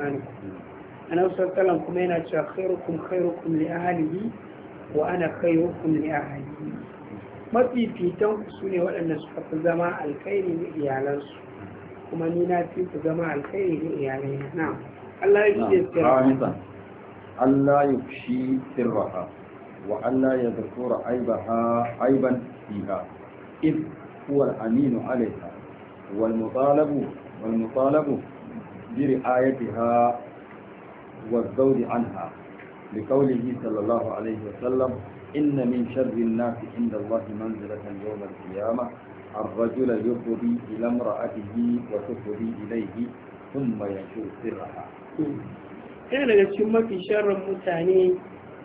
S1: annabi sallallahu kuma yana cewa khairukum khairukum li ahlihi wa ana khairukum li ahlihi fitan ku sune waɗanda suka fi zama alkhairi ga iyalansu kuma ni na fi ku zama alkhairi ga iyalai na Allah ya ji sirra
S2: Allah ya fi sirra wa Allah ya zakura aiban fiha id huwa al-aminu alaiha wal mutalabu wal mutalabu bi ri'ayatiha wa zawdi anha لقوله صلى الله عليه وسلم إن من شر الناس عند الله منزلة يوم القيامة الرجل يفضي إلى امرأته وتفضي إليه ثم ينشر سرها.
S1: كان لك شمك شر المتانين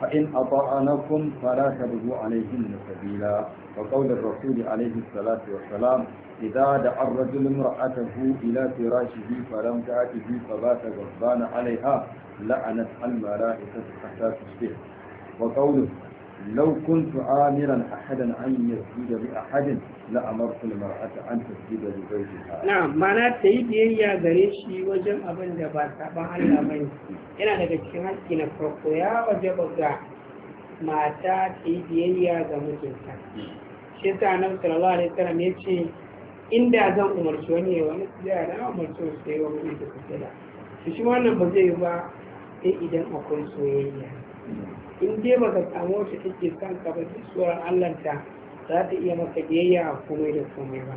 S2: فإن أطعنكم فلا تبغوا عليهن سبيلا وقول الرسول عليه الصلاة والسلام إذا دعا الرجل امرأته إلى فراشه فلم تأته فبات غضبان عليها لعنت الملائكة حتى تصبح وقوله لو كنت آمرا أحدا أن يسجد لأحد لأمرت المرأة أن تسجد لزوجها نعم
S1: معنى تيد يا غريشي وجن أبن دبا سابا الله من ina daga cikin haƙƙi na farko ya waje ga mata ta yi biyayya ga mijinta shi ta nan sallallahu alaihi wasallam ya ce inda zan umarci wani wani sujada na umarci wasu yi wa mijinta sujada shi wannan ba zai yi ba sai idan akwai soyayya in dai ba samu wacce take son ka ba tsoron allanta za ta iya maka biyayya a komai da komai ba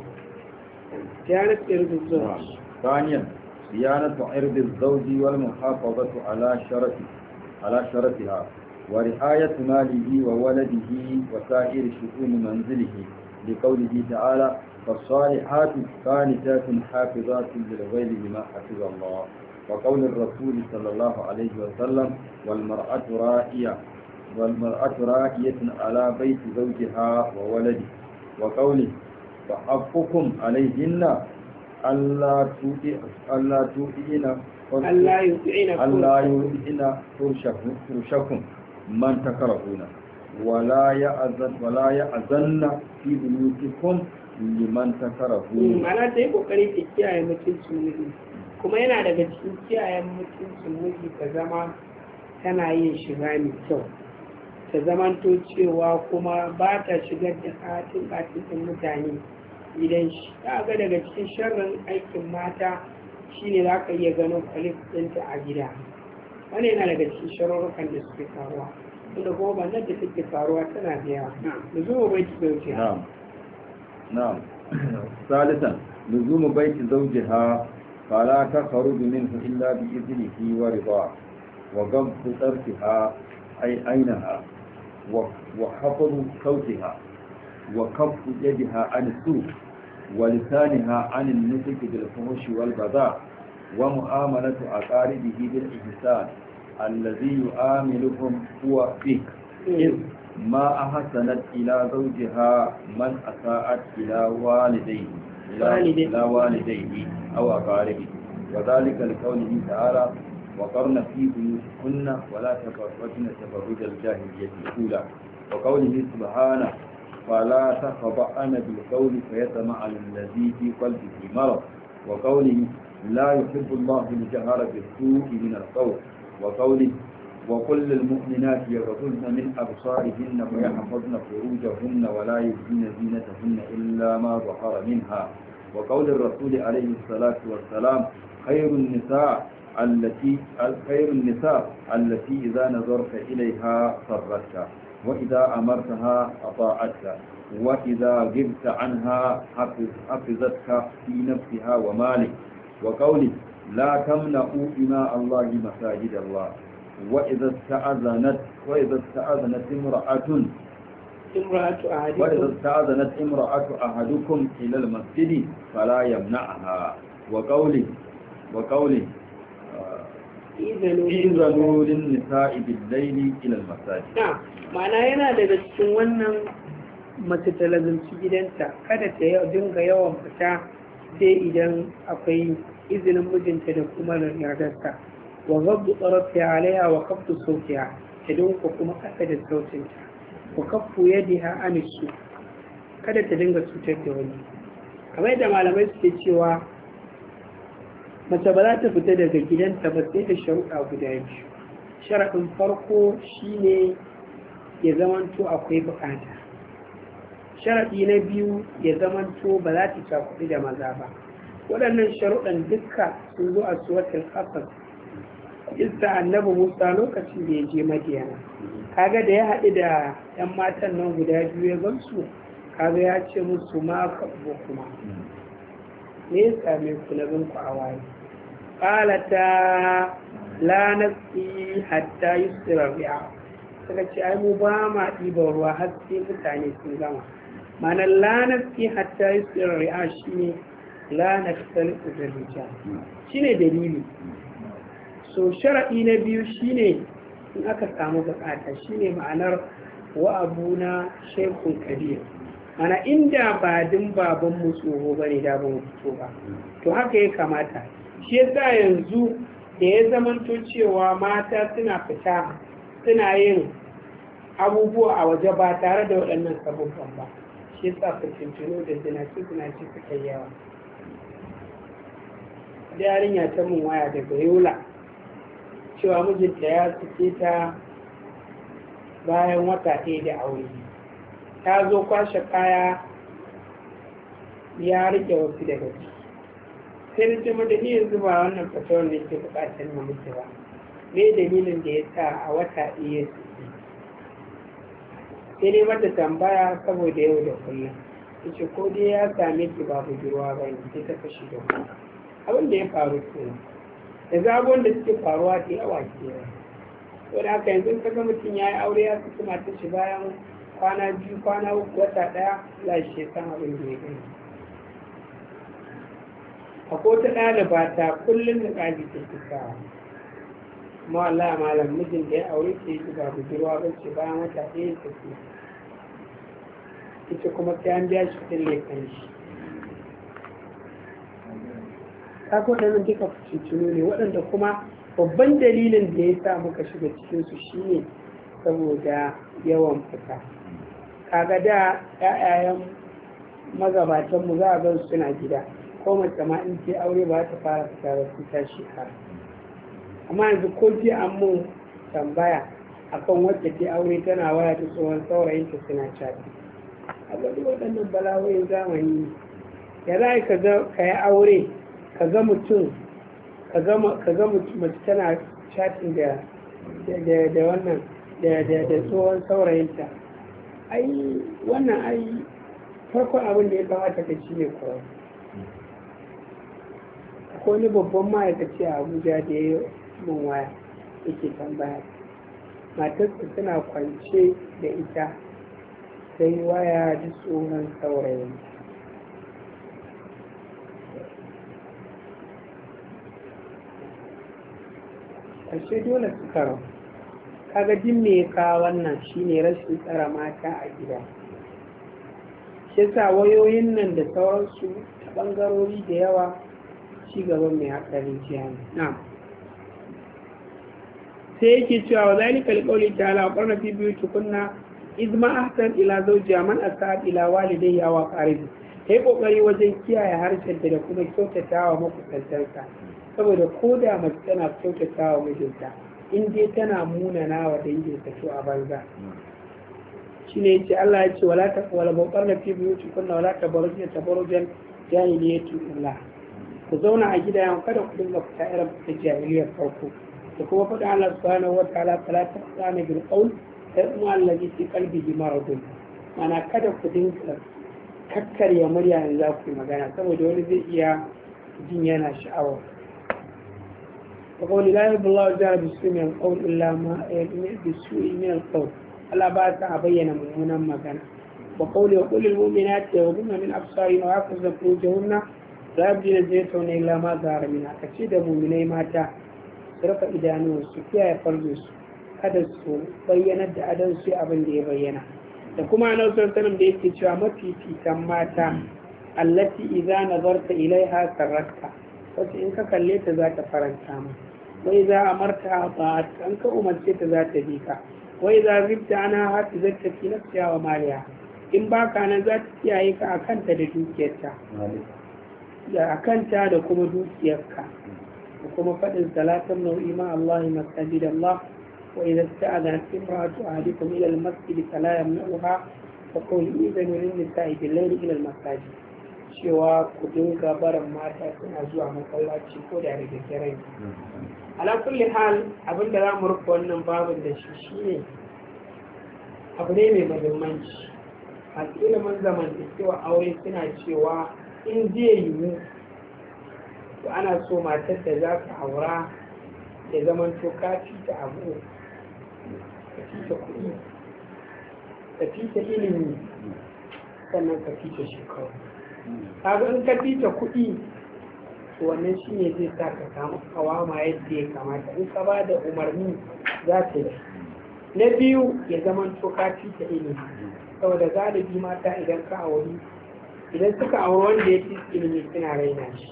S1: ziyarar irbin zuwa
S2: ثانيا صيانة عرض الزوج والمحافظة على شرفه على شرفها ورعاية ماله وولده وسائر شؤون منزله لقوله تعالى فالصالحات قانتات حافظات للغير بما حفظ الله وقول الرسول صلى الله عليه وسلم والمرأة رائية والمرأة راهية على بيت زوجها وولده وقوله فحقكم عليهن ألا ألا تؤذين ألا يطعن فرشكم من تكرهون ولا يأذن ولا يأذن في بيوتكم liman ta karafu ma'ana
S1: ta yi kokari ta kiyaye mutuncin miji kuma yana daga cikin kiyaye mutuncin miji ta zama tana yin shiga mai kyau ta zamanto cewa kuma ba ta shigar da katin katin ɗin mutane idan shi ta ga daga cikin sharrin aikin mata shine za ka iya ganin kwalif ɗinta a gida wani yana daga cikin sharurrukan da suke faruwa inda kuma nan da suke faruwa tana da yawa da zuwa bai ci zauje ha
S2: na'am salisan لزوم بيت زوجها فلا تخرج منه wa بإذنه ورضاه tsarki ha أي أينها وحفظ صوتها وكف يدها عن السوء ولسانها عن النطق بالفحش والبذاء ومؤاملة أقاربه بالإحسان الذي يؤاملهم هو فيك إذ ما أحسنت إلى زوجها من أساءت إلى والديه إلى والديه أو أقاربه وذلك لقوله تعالى وقرن في بيوتكن ولا تبرجن تبرج الجاهلية الأولى وقوله سبحانه فلا تخضعن بالقول فيتمع الذي في قلبه مرض وقوله لا يحب الله الجهر بالسوء من القول وقوله وقل للمؤمنات يغضن من أبصارهن ويحفظن فروجهن ولا يبدين زينتهن إلا ما ظهر منها وقول الرسول عليه الصلاة والسلام خير النساء التي خير النساء التي إذا نظرت إليها صرتك وإذا أمرتها أطاعتك وإذا غبت عنها حفظتك في نفسها ومالك وقولي لا تمنعوا إماء الله مساجد الله وإذا استأذنت وإذا استأذنت امرأة وإذا استأذنت امرأة أحدكم إلى المسجد فلا يمنعها وقولي وقولي izanu lin nisa'i bil layli ila al masajid
S1: ma'ana yana daga cikin wannan mace ta gidanta kada ta dinga yawan fita sai idan akwai izinin mijinta da kuma yardarta wa gabdu tsarafiya alaiha wa kaftu sautiya ta dinka kuma ƙasa da sautinta wa kafu yadiha anisu kada ta dinga cutar da wani kamar yadda malamai suke cewa mace ba za ta fita daga gidanta ba sai da sharuɗa guda biyu sharaɗin farko shine ya zamanto akwai bukata sharaɗi na biyu ya zamanto ba za ta cakuɗi da maza ba waɗannan sharuɗan duka sun zo a suwatul asas isa annabi musa lokacin da ya je madiyana kaga da ya haɗu da 'yan matan nan guda biyu ya gamsu kaga ya ce musu ma kuma me ya same ku na a waye qalata la nasqi hatta yusra bi'a suka ce ai mu ba ma ɗiban ruwa har sai mutane sun gama ma'anar la nasqi hatta yusra shi shine la nastalifu da shi ne dalili so shara'i na biyu ne in aka samu bukata shine ma'anar wa abuna shaykhun kabir ana inda ba din baban mu tsoho bane da ban fito ba to haka ya kamata shi yasa yanzu da ya zamanto cewa mata suna fita suna yin abubuwa a waje ba tare da waɗannan sabubban ba shi yasa fitintunu da suna ci suka yawa yarinya ta mun waya daga yola cewa mijinta ya suke ta bayan wata ɗaya da aure ta zo kwashe kaya ya rike wasu daga ciki sai na ce ni yanzu ba wannan fatawar ne ke bukatar mu mutu ba me dalilin da ya sa a wata iya su sai ne mata tambaya saboda yau da kullum ta ce ko dai ya same ki ba budurwa ba ne sai ta fashi da kuma abin da ya faru kenan da zagon da suke faruwa ta yawa kenan Wani haka yanzu ka ga mutum ya yi aure ya fi kuma ta shi bayan kwana biyu kwana uku wata daya lashe san abin da ya gani akwai wata ɗaliba ta kullum da ƙaji ke cikawa kuma Allah malam mijin da ya aure ce shi ba budurwa ba ce ba mata ɗaya ta ce ita kuma ta an biya shi ne kan shi ta ko ɗanin duka fitintunu ne waɗanda kuma babban dalilin da ya sa muka shiga cikinsu shine saboda yawan fita kaga da 'ya'yayen magabatanmu za a gan suna gida ko mace ma in ce aure ba ta fara fita ba su ta a amma yanzu ko ce an mun tambaya akan wacce ke aure tana waya ta tsohon saurayinta suna cafi a gani waɗannan bala'o'in zamani ya za ka yi aure ka ga mutum ka ga mace tana chatin da wannan da tsohon saurayinta ai wannan ai farkon abin da ya kamata ka shi ne kawai Ko wani babban ma'aikaci a abuja da ya mun waya yake tambaya Matar su tana kwance da ita sai waya da tsohon saurayin ƙarshe dole su karo kaga jin me ka wannan shine rashin tsara mata a gida shi sa wayoyin nan da sauransu ta ɓangarori da yawa ci gaban mai haƙarin jiya ne na sai yake cewa wa ta alqawli ta'ala wa qarna fi buyutikunna izma ahsan ila zawjiha man asaa ila yawa ƙarin. Ta yi kokari wajen kiyaye harshen da kuma wa makusantarsa saboda ko da mace tana wa mijinta in dai tana munana wa danginta to a banza shi ne yace Allah ya ce wala ta wala baqarna fi buyutikunna wala tabarrujna tabarrujan jahiliyatul ula ku zauna a gida gidayen kada ku dinga fita irin fita jahiliyar farko da kuma faɗin Allah subhanahu wataala fala tasana bil qawl yasmu allazi fi qalbihi maradun mana kada ku dinga kakkarya murya in za ku yi magana saboda wani zai iya jin yana sha'awa wa qawli la ilaha illallah jara bi su'i min qawl illa ma bi su'i min qawl Allah ba ta a bayyana mummunan magana wa qawli wa qul lil mu'minati yaghudna na absarihim wa yahfazna furujahunna Rabbi da zai sau na ilama zahara mina ka da muminai mata su rufe idanuwan kiyaye farzo su kada su bayyanar da adon su abin da ya bayyana da kuma na anar sanin da yake cewa mafifitan mata allati idza nazarta ilaiha sarratka wasu in ka kalle ta za ta faranta ma wai za a marta a ba'at an ka umarce ta za ta bi ka wai za zibta ana hati zata fi nafsiya wa Mariya? in baka nan za ta kiyaye ka a kanta da dukiyarta da kanta da kuma dukiyarka da kuma faɗin salatan nau'i ma Allah masajid Allah wa idza sta'ala imra'atu ahadikum ila al-masjid fala yamna'uha fa qul idan lin-nisa'i bil-layli ila al-masajid cewa ku dinga barin mata suna zuwa masallaci ko da rage kirai ala kulli hal abin da mu rufe wannan babin da shi shine abu ne mai muhimmanci a cikin ilimin zamantakewa aure suna cewa in zai yiwu to ana so matar da za su aura ya zama to ka ci abu ka ci ta kuɗi ka ci ilimi sannan ka ci ta shekaru kaga in ka ci ta kuɗi to wannan shi ne zai sa ka samu kawama yadda ya kamata in ka ba da umarni za ta yi na biyu ya zama to ka ci ta ilimi saboda galibi mata idan ka auri idan suka auri wanda ya fi ilimi suna raina shi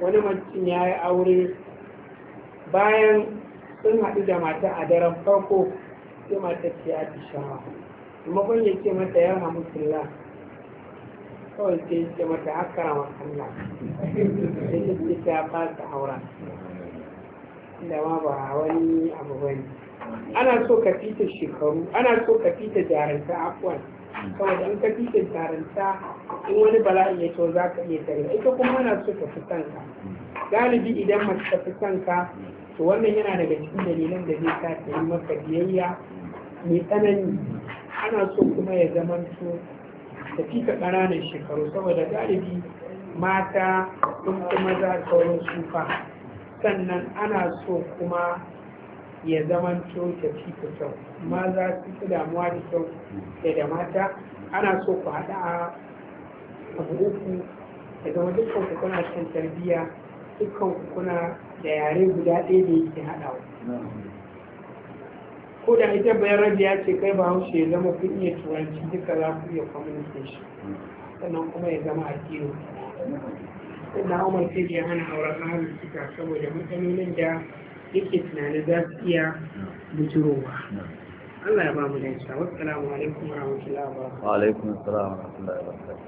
S1: wani mutum ya yi aure bayan sun haɗu da mata a daren farko sai mata ce ya fi shawa kun yi ce mata ya hamdulillah kawai sai yi ce mata akara makalla sai ta ce ta fasa aura da ma ba wani abu bane ana so ka fita shekaru ana so ka fita jarinta afwan saboda in ka fice taranta in wani bala'i ya to za ka iya tare ita kuma ana so ka fi kanka galibi idan mace ta fi kanka to wannan yana daga cikin dalilan da zai sa ta yi maka biyayya mai tsanani ana so kuma ya zama so ta fi ka ƙananan shekaru saboda galibi mata sun fi maza su fa, sannan ana so kuma ya zama ta ci kyau, kyau maza su fi damuwa da kyau da da mata ana so ku haɗa a abu uku ya zama dukkan ku kuna shan tarbiyya dukkan ku kuna da yare guda ɗaya da yake haɗawa ko da ita bayan rabi ya ce kai ba haushe ya zama kun iya turanci duka za ku iya communication sannan kuma ya zama addini sannan umar sai ya hana auren ahalin suka saboda matsalolin da yake tunanin gaskiya su Allah ya ba mu da isa wasu alaikum alaikum wa
S3: rahmatullahi
S4: wa barakatuh